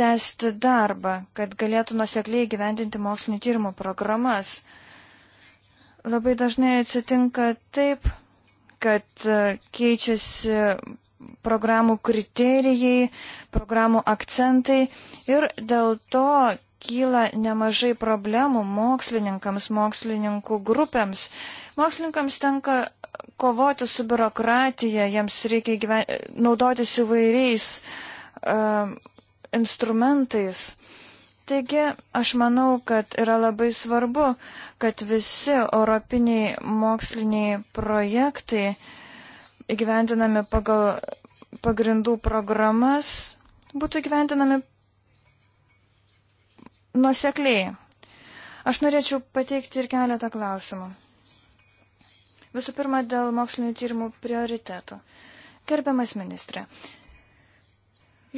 B: tęsti darbą, kad galėtų nuosekliai gyvendinti mokslinio tyrimo programas. Labai dažnai atsitinka taip, kad e, keičiasi programų kriterijai, programų akcentai ir dėl to kyla nemažai problemų mokslininkams, mokslininkų grupėms, Mokslininkams tenka kovoti su biurokratija, jiems reikia gyven... naudotis įvairiais uh, instrumentais. Taigi, aš manau, kad yra labai svarbu, kad visi europiniai moksliniai projektai įgyvendinami pagal pagrindų programas būtų įgyvendinami nusekliai. Aš norėčiau pateikti ir keletą klausimų. Visų pirma, dėl mokslinio tyrimų prioritetų. Gerbiamas ministrė,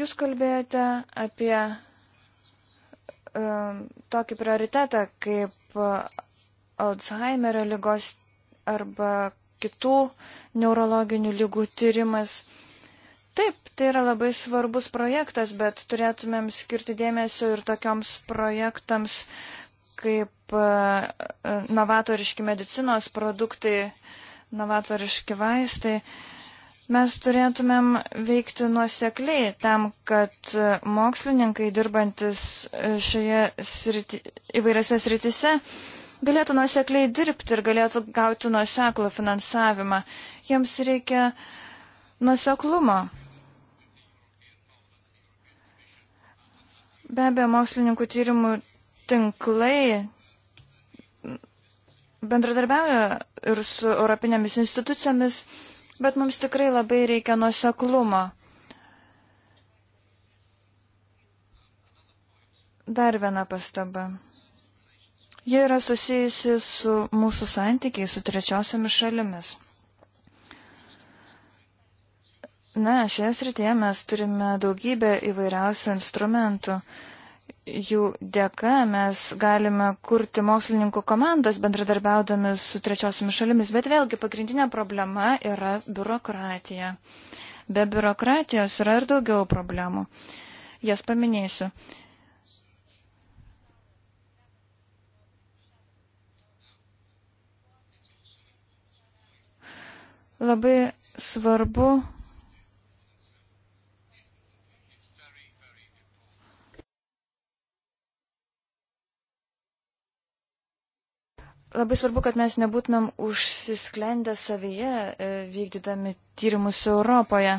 B: jūs kalbėjote apie um, tokį prioritetą kaip Alzheimerio lygos arba kitų neurologinių lygų tyrimas. Taip, tai yra labai svarbus projektas, bet turėtumėm skirti dėmesio ir tokioms projektams, uh, kaip e, e, novatoriški medicinos produktai, novatoriški vaistai, mes turėtumėm veikti nuosekliai tam, kad e, mokslininkai dirbantis šioje sriti, įvairiose sritise galėtų nuosekliai dirbti ir galėtų gauti nuoseklų finansavimą. Jiems reikia nuoseklumo. Be abejo, mokslininkų tyrimų tinklai bendradarbiauja ir su europinėmis institucijomis, bet mums tikrai labai reikia nuoseklumo. Dar viena pastaba. Jie yra susijusi su mūsų santykiai su trečiosiomis šalimis. Na, šioje srityje mes turime daugybę įvairiausių instrumentų. Uh, jų dėka mes galime kurti mokslininkų komandas bendradarbiaudami su trečiosiomis šalimis, bet vėlgi pagrindinė problema yra biurokratija. Be biurokratijos yra ir daugiau problemų. Jas paminėsiu. Labai svarbu Labai svarbu, kad mes nebūtumėm užsisklendę savyje e, vykdydami tyrimus Europoje.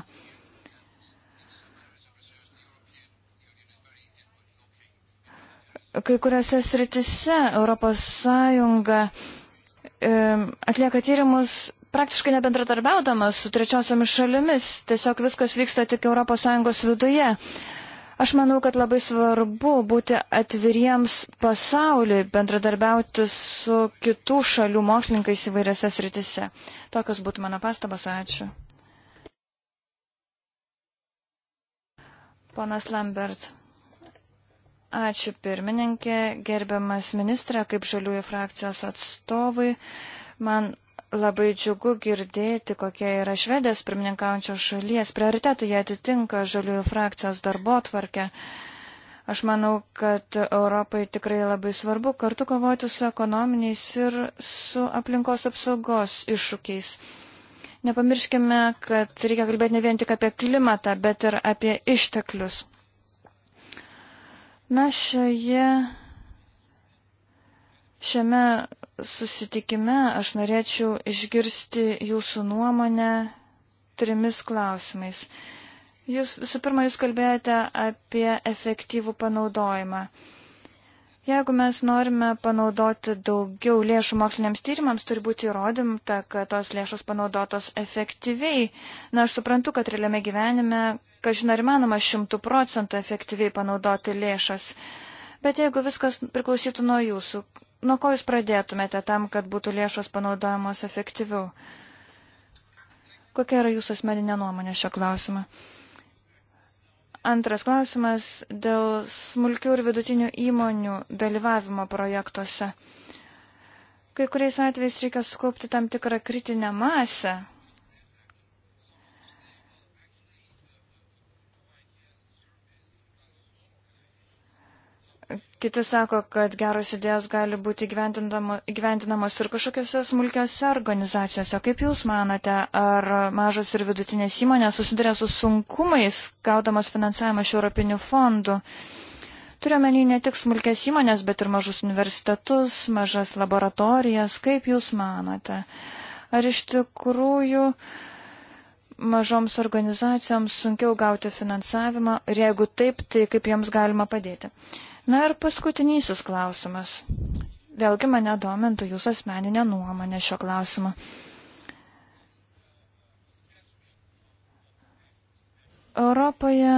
B: Kai kuriuose sritise Europos Sąjunga e, atlieka tyrimus praktiškai nebendradarbiaudamas su trečiosiomis šalimis, tiesiog viskas vyksta tik Europos Sąjungos viduje. Aš manau, kad labai svarbu būti atviriems pasauliui, bendradarbiauti su kitų šalių mokslininkais įvairiose sritise. Tokios būtų mano pastabas, ačiū. Ponas Lambert. Ačiū pirmininkė, gerbiamas ministrė, kaip žaliųjų frakcijos atstovai. Man Labai džiugu girdėti, kokie yra švedės pirmininkaujančios šalies prioritetai, jie atitinka žaliųjų frakcijos darbo tvarkę. Aš manau, kad Europai tikrai labai svarbu kartu kovoti su ekonominiais ir su aplinkos apsaugos iššūkiais. Nepamirškime, kad reikia kalbėti ne vien tik apie klimatą, bet ir apie išteklius. Na, šioje, šiame susitikime aš norėčiau išgirsti jūsų nuomonę trimis klausimais. Jūs, visų pirma, jūs kalbėjote apie efektyvų panaudojimą. Jeigu mes norime panaudoti daugiau lėšų moksliniams tyrimams, turi būti įrodymta, kad tos lėšos panaudotos efektyviai. Na, aš suprantu, kad realiame gyvenime, kažin ar įmanoma, šimtų procentų efektyviai panaudoti lėšas. Bet jeigu viskas priklausytų nuo jūsų, nuo ko jūs pradėtumėte tam, kad būtų lėšos panaudojamos efektyviau? Kokia yra jūsų asmeninė nuomonė šio klausimą? Antras klausimas dėl smulkių ir vidutinių įmonių dalyvavimo projektuose. Kai kuriais atvejais reikia sukaupti tam tikrą kritinę masę, Kiti sako, kad geros idėjos gali būti gyventinamos ir kažkokiose smulkiose organizacijose. Kaip Jūs manote, ar mažos ir vidutinės įmonės susiduria su sunkumais, gaudamas finansavimą iš Europinių fondų? Turiuomenį ne tik smulkės įmonės, bet ir mažus universitetus, mažas laboratorijas. Kaip Jūs manote, ar iš tikrųjų mažoms organizacijoms sunkiau gauti finansavimą ir jeigu taip, tai kaip joms galima padėti? Uh, Na ir paskutinysis klausimas. Vėlgi mane domintų jūsų asmeninė nuomonė šio klausimo. Europoje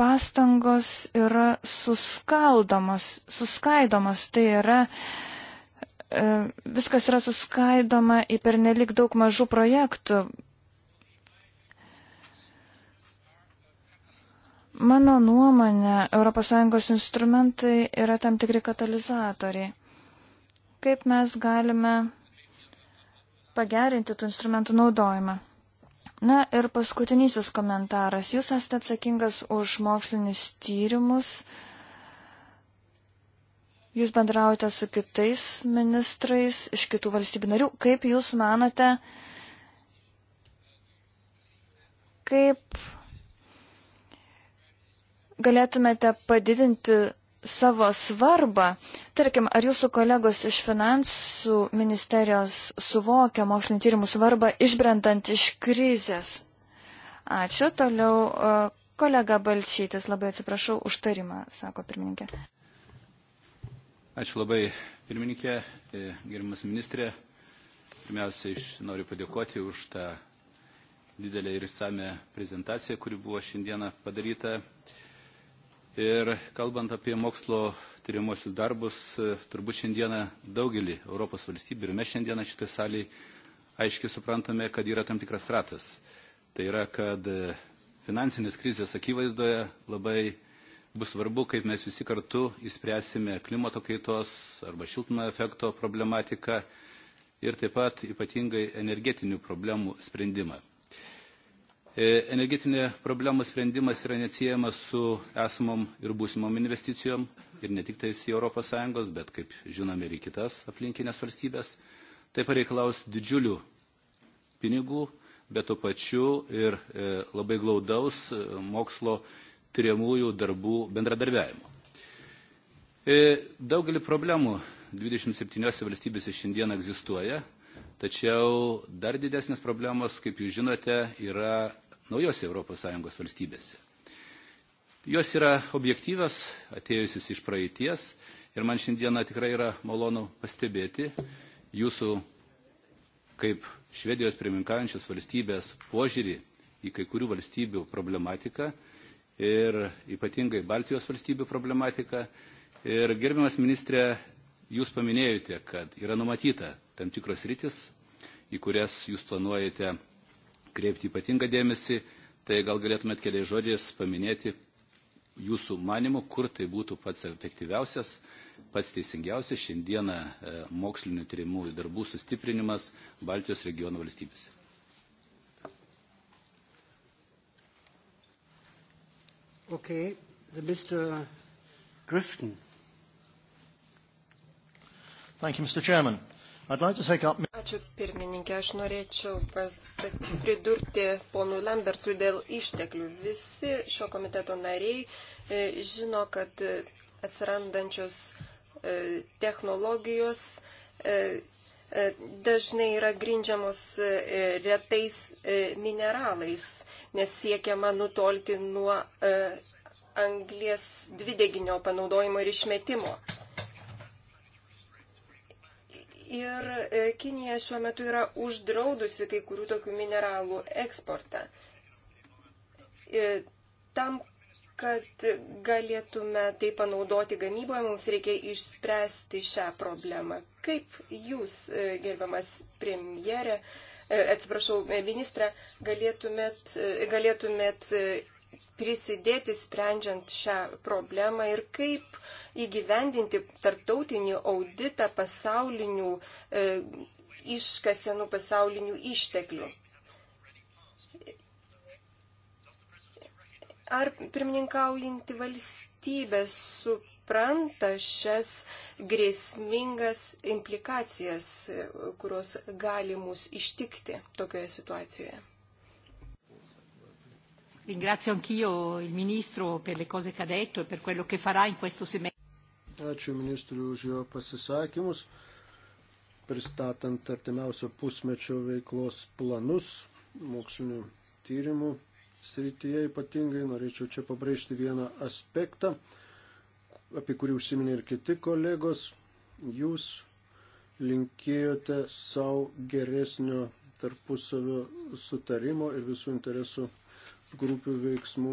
B: pastangos yra suskaldomos, suskaidomos, tai yra e, viskas yra suskaidoma į pernelik daug mažų projektų, Mano nuomonė, ES instrumentai yra tam tikri katalizatoriai. Kaip mes galime pagerinti tų instrumentų naudojimą? Na ir paskutinysis komentaras. Jūs esate atsakingas už mokslinius tyrimus. Jūs bendraujate su kitais ministrais iš kitų valstybių narių. Kaip jūs manote, kaip galėtumėte padidinti savo svarbą? Tarkim, ar jūsų kolegos iš finansų ministerijos suvokia mokslinio tyrimų svarbą išbrendant iš krizės? Ačiū. Toliau kolega Balčytis, labai atsiprašau už tarimą, sako pirmininkė.
E: Ačiū labai, pirmininkė, e, gerimas ministrė. Pirmiausia, noriu padėkoti už tą didelę ir įsame prezentaciją, kuri buvo šiandieną padaryta Ir kalbant apie mokslo tyrimuosius darbus, e, turbūt šiandieną daugelį Europos valstybių ir mes šiandieną šitą salį aiškiai suprantame, kad yra tam tikras ratas. Tai yra, kad e, finansinės krizės akivaizdoje labai bus svarbu, kaip mes visi kartu įspręsime klimato kaitos arba šiltno efekto problematiką ir taip pat ypatingai energetinių problemų sprendimą. E, energetinė problemų sprendimas yra neatsiejamas su esamom ir būsimom investicijom, ir ne tik tais į ES, bet, kaip žinome, ir į kitas aplinkinės valstybės. Tai pareikalaus didžiulių pinigų, bet to pačiu ir e, labai glaudaus e, mokslo tyriamųjų darbų bendradarbiavimo. Daugelį problemų 27 valstybėse šiandien egzistuoja, tačiau dar didesnės problemos, kaip jūs žinote, yra naujose ES valstybėse. Jos yra objektyvas, atėjusius iš praeities ir man šiandieną tikrai yra malonu pastebėti jūsų kaip Švedijos pirmininkaujančios valstybės požiūrį į kai kurių valstybių problematiką ir ypatingai Baltijos valstybių problematiką. Ir gerbiamas ministrė, jūs paminėjote, kad yra numatyta tam tikros rytis, į kurias jūs planuojate kreipti ypatingą dėmesį, tai gal galėtumėt keliais žodžiais paminėti jūsų manimu, kur tai būtų pats efektyviausias, pats teisingiausias šiandieną e, mokslinių tyrimų darbų sustiprinimas Baltijos regiono valstybėse.
C: Okay, Mr. Grifton. Thank you, Mr. Chairman. Ačiū
F: pirmininkė, aš norėčiau pasak, pridurti ponui Lambertsui dėl išteklių. Visi šio komiteto nariai e, žino, kad e, atsirandančios e, technologijos e, e dažnai yra grindžiamos e, retais mineralais, nes siekiama nutolti nuo anglės dvideginio panaudojimo ir išmetimo. Ir e, Kinija šiuo metu yra uždraudusi kai kurių tokių mineralų eksportą. E, tam, kad galėtume tai panaudoti gamyboje, mums reikia išspręsti šią problemą. Kaip jūs, e, gerbiamas premjerė, atsiprašau, ministrė, galėtumėt, galėtumėt prisidėti sprendžiant šią problemą ir kaip įgyvendinti tarptautinį auditą pasaulinių e, iškasenų, pasaulinių išteklių. Ar pirmininkaujanti valstybė supranta šias grėsmingas implikacijas, kurios gali mus ištikti tokioje situacijoje? Ringrazio anch'io il Ministro per le cose che ha detto e per quello che farà in questo semestre.
D: Ačiū Ministrui už jo pasisakymus, pristatant artimiausio pusmečio veiklos planus mokslinių tyrimų srityje ypatingai. Norėčiau čia pabrėžti vieną aspektą, apie kurį užsiminė ir kiti kolegos. Jūs linkėjote savo geresnio tarpusavio sutarimo ir visų interesų grupių veiksmų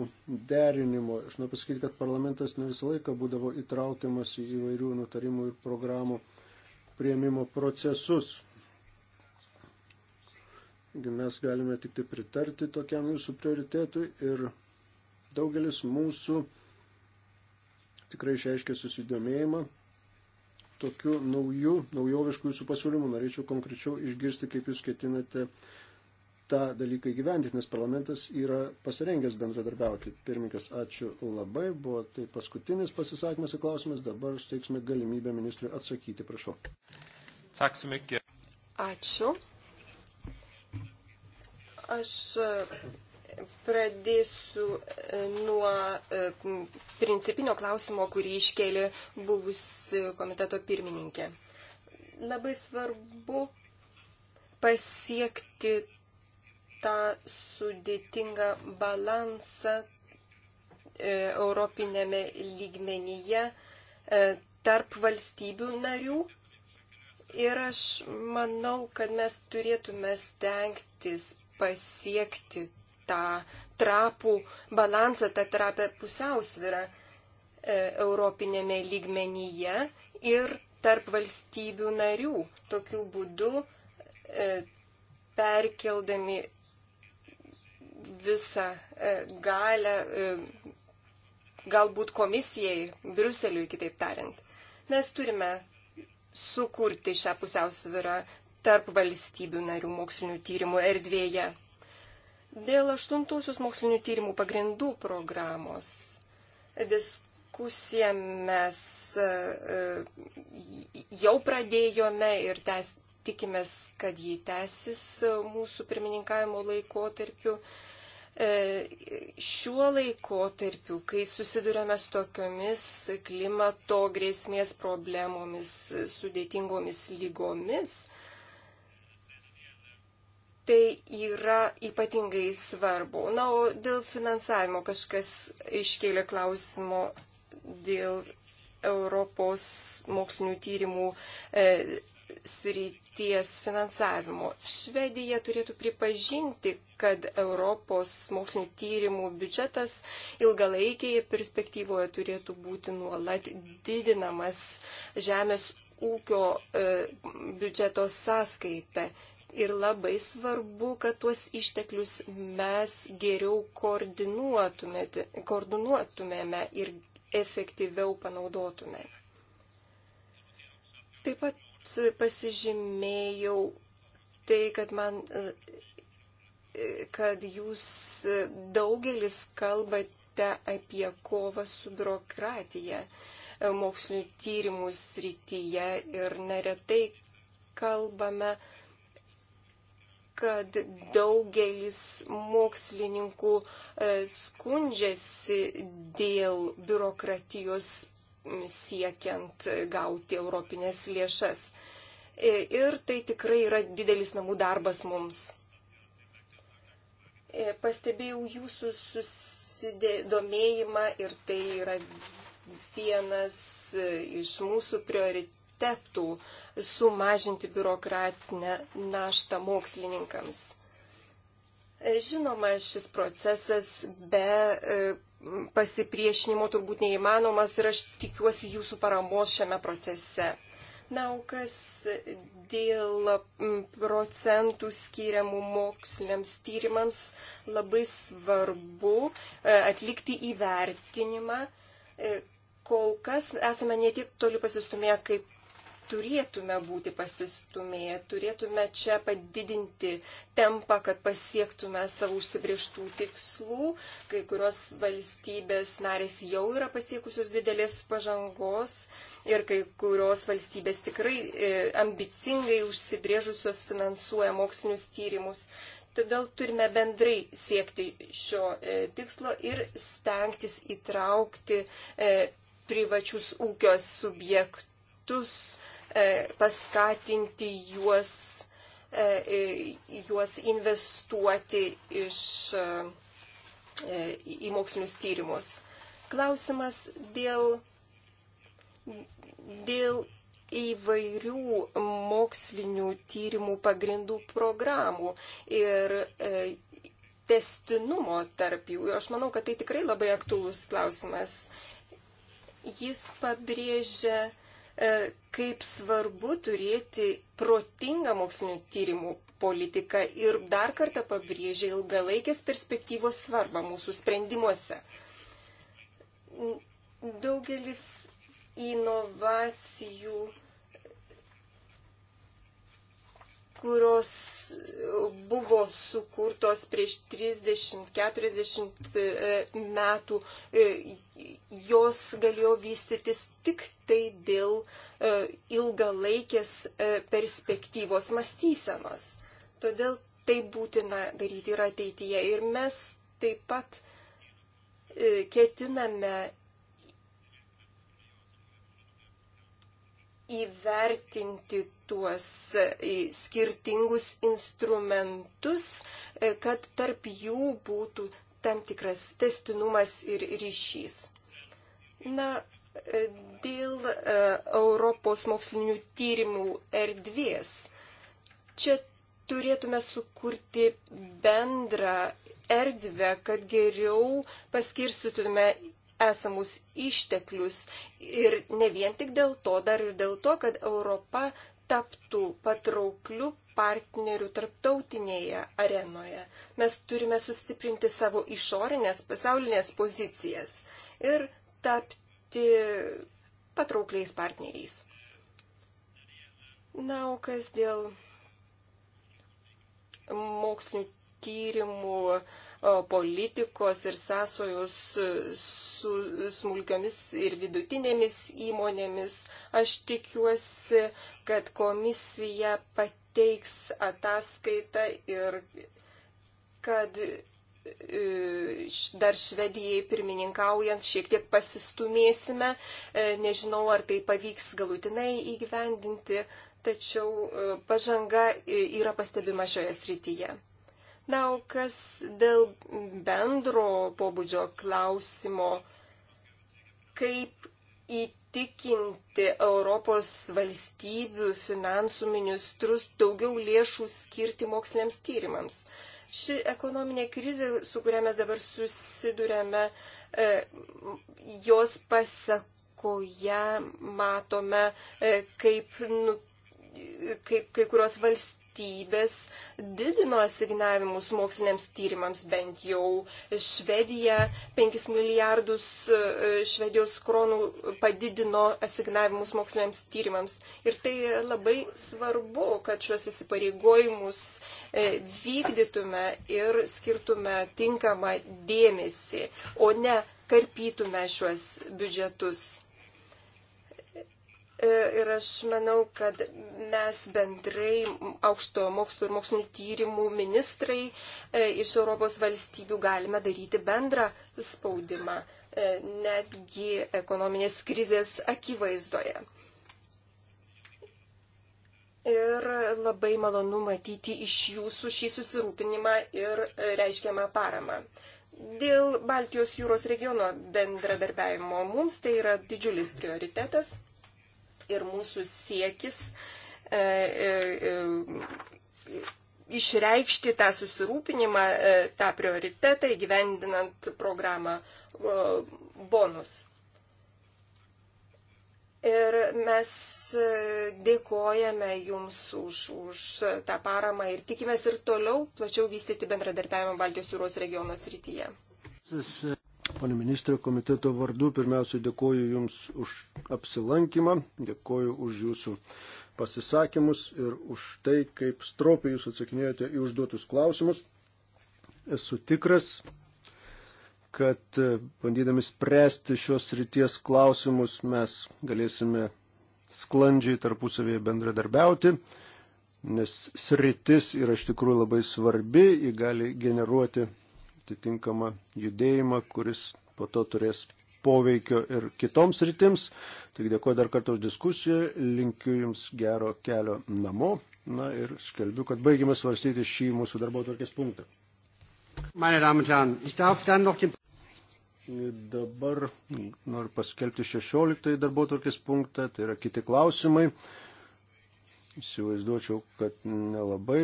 D: derinimo. Aš noriu pasakyti, kad parlamentas ne visą laiką būdavo įtraukiamas į įvairių nutarimų ir programų prieimimo procesus. Mes galime tik tai pritarti tokiam jūsų prioritetui ir daugelis mūsų tikrai išreiškė susidomėjimą tokiu nauju, naujovišku jūsų pasiūlymu. Norėčiau konkrečiau išgirsti, kaip jūs ketinate uh, tą dalyką įgyvendinti, nes parlamentas yra pasirengęs bendradarbiauti. Pirmininkas, ačiū labai, buvo tai paskutinis pasisakymas ir klausimas, dabar suteiksime galimybę ministrui atsakyti, prašau.
F: Ačiū. Aš e, pradėsiu e, nuo e, principinio klausimo, kurį iškėlė buvusi komiteto pirmininkė. Labai svarbu pasiekti tą sudėtingą balansą e, europinėme lygmenyje e, tarp valstybių narių. Ir aš manau, kad mes turėtume stengtis pasiekti tą trapų balansą, tą trapę pusiausvirą e, europinėme lygmenyje ir tarp valstybių narių. Tokiu būdu perkeldami visą e, galę e, galbūt komisijai, Bruseliui kitaip tariant. Mes turime sukurti šią pusiausvyrą tarp valstybių narių mokslinių tyrimų erdvėje. Dėl aštuntosios mokslinių tyrimų pagrindų programos diskusiją mes e, jau pradėjome ir tęs, tikimės, kad jį tęsis mūsų pirmininkavimo laikotarpiu. tarpiu E, šiuo laikotarpiu, kai susidurėme su tokiomis klimato grėsmės problemomis, sudėtingomis lygomis, tai yra ypatingai svarbu. Na, o dėl finansavimo kažkas iškėlė klausimo dėl Europos mokslinių tyrimų e, srities finansavimo. Švedija turėtų pripažinti, kad Europos mokslinių tyrimų biudžetas ilgalaikėje perspektyvoje turėtų būti nuolat didinamas žemės ūkio e, biudžeto sąskaita. Ir labai svarbu, kad tuos išteklius mes geriau koordinuotumėme ir efektyviau panaudotumėme. Taip pat pasižymėjau tai, kad man e, e, kad jūs e, daugelis kalbate apie kovą su biurokratija mokslinių tyrimų srityje ir neretai kalbame, kad daugelis mokslininkų skundžiasi dėl biurokratijos siekiant gauti europinės lėšas. Ir tai tikrai yra didelis namų darbas mums. Pastebėjau jūsų susidomėjimą ir tai yra vienas e, iš mūsų prioritetų sumažinti biurokratinę naštą mokslininkams. Žinoma, šis procesas be e, pasipriešinimo turbūt neįmanomas ir aš tikiuosi jūsų paramos šiame procese. Na, o kas dėl procentų skiriamų moksliniams tyrimams labai svarbu e, atlikti įvertinimą. E, kol kas esame netiek toli pasistumėję, kaip turėtume būti pasistumėję, turėtume čia padidinti tempą, kad pasiektume savo užsibrieštų tikslų. Kai kurios valstybės narės jau yra pasiekusios didelės pažangos ir kai kurios valstybės tikrai e, ambicingai užsibrėžusios finansuoja mokslinius tyrimus. Todėl turime bendrai siekti šio e, tikslo ir stengtis įtraukti e, privačius ūkios subjektus E, paskatinti juos, e, e, juos investuoti iš, į mokslinius tyrimus. Klausimas dėl, dėl įvairių mokslinių tyrimų pagrindų programų ir testinumo tarp jų. Aš manau, kad tai tikrai labai aktuolus klausimas. Jis pabrėžia E, kaip svarbu turėti protingą mokslinių tyrimų politiką ir dar kartą pabrėžia ilgalaikės perspektyvos svarbą mūsų sprendimuose. Daugelis inovacijų kurios e, buvo sukurtos prieš 30-40 e, metų, e, jos galėjo vystytis tik tai dėl ilgalaikės perspektyvos mąstysenos. Todėl tai būtina daryti ir ateityje. Ir mes taip pat ketiname įvertinti tuos skirtingus instrumentus, e, kad tarp jų būtų tam tikras testinumas ir ryšys. Na, e, dėl e, Europos mokslinių tyrimų erdvės. Čia turėtume sukurti bendrą erdvę, kad geriau paskirstytume esamus išteklius ir ne vien tik dėl to, dar ir dėl to, kad Europa taptų patrauklių partnerių tarptautinėje arenoje. Mes turime sustiprinti savo išorinės, pasaulinės pozicijas ir tapti patraukliais partneriais. Na, o kas dėl mokslinių tyrimų, politikos ir sąsojus su smulkiamis ir vidutinėmis įmonėmis. Aš tikiuosi, kad komisija pateiks ataskaitą ir kad e, dar Švedijai pirmininkaujant šiek tiek pasistumėsime. E, nežinau, ar tai pavyks galutinai įgyvendinti, tačiau e, pažanga yra pastebima šioje srityje. Na, o kas dėl bendro pobūdžio klausimo, kaip įtikinti Europos valstybių finansų ministrus daugiau lėšų skirti moksliniams tyrimams. Ši ekonominė krizė, su kuria mes dabar susidurėme, e, jos pasakoje matome, e, kaip, nu, e, kaip kai kurios valstybės valstybės didino asignavimus moksliniams tyrimams, bent jau Švedija 5 milijardus e, švedijos kronų padidino asignavimus moksliniams tyrimams. Ir tai labai svarbu, kad šios įsipareigojimus e, vykdytume ir skirtume tinkamą dėmesį, o ne karpytume šiuos biudžetus. E, ir aš manau, kad mes bendrai, aukšto mokslo ir mokslinių tyrimų ministrai e, iš Europos valstybių galime daryti bendrą spaudimą, e, netgi ekonominės krizės akivaizdoje. Ir labai malonu matyti iš jūsų šį susirūpinimą ir reiškiamą paramą. Dėl Baltijos jūros regiono bendradarbiavimo mums tai yra didžiulis prioritetas ir mūsų siekis e, e, e, išreikšti tą susirūpinimą, e, tą prioritetą įgyvendinant programą e, bonus. Ir mes e, dėkojame Jums už, už tą paramą ir tikimės ir toliau plačiau vystyti bendradarbiavimą Baltijos jūros regiono srityje.
D: Uh, Pane ministrė, komiteto vardu pirmiausia dėkoju Jums už apsilankymą, dėkoju už Jūsų pasisakymus ir už tai, kaip stropiai Jūs atsakinėjote į užduotus klausimus. Esu tikras, kad e, bandydami spręsti šios ryties klausimus mes galėsime sklandžiai tarpusavėje bendradarbiauti, nes sritis yra iš tikrųjų labai svarbi, ji gali generuoti atitinkamą judėjimą, kuris po to turės poveikio ir kitoms rytims. Tik dėkuoju dar kartą už diskusiją, linkiu Jums gero kelio namo. Na ir skelbiu, kad baigime svarstyti šį mūsų darbo tvarkės punktą. Dabar noriu paskelbti 16 darbo tvarkės punktą, tai yra kiti klausimai. Įsivaizduočiau, kad nelabai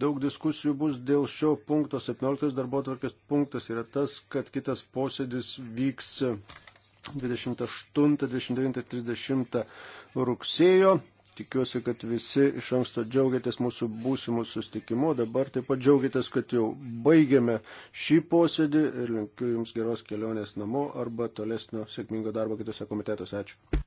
D: daug diskusijų bus dėl šio punkto. 17 darbo atvarkės punktas yra tas, kad kitas posėdis vyks 28, 29, 30 rugsėjo. Tikiuosi, kad visi iš anksto džiaugiatės mūsų būsimų sustikimu. Dabar taip pat džiaugiatės, kad jau baigėme šį posėdį ir linkiu Jums geros kelionės namo arba tolesnio sėkmingo darbo kitose komitetuose. Ačiū.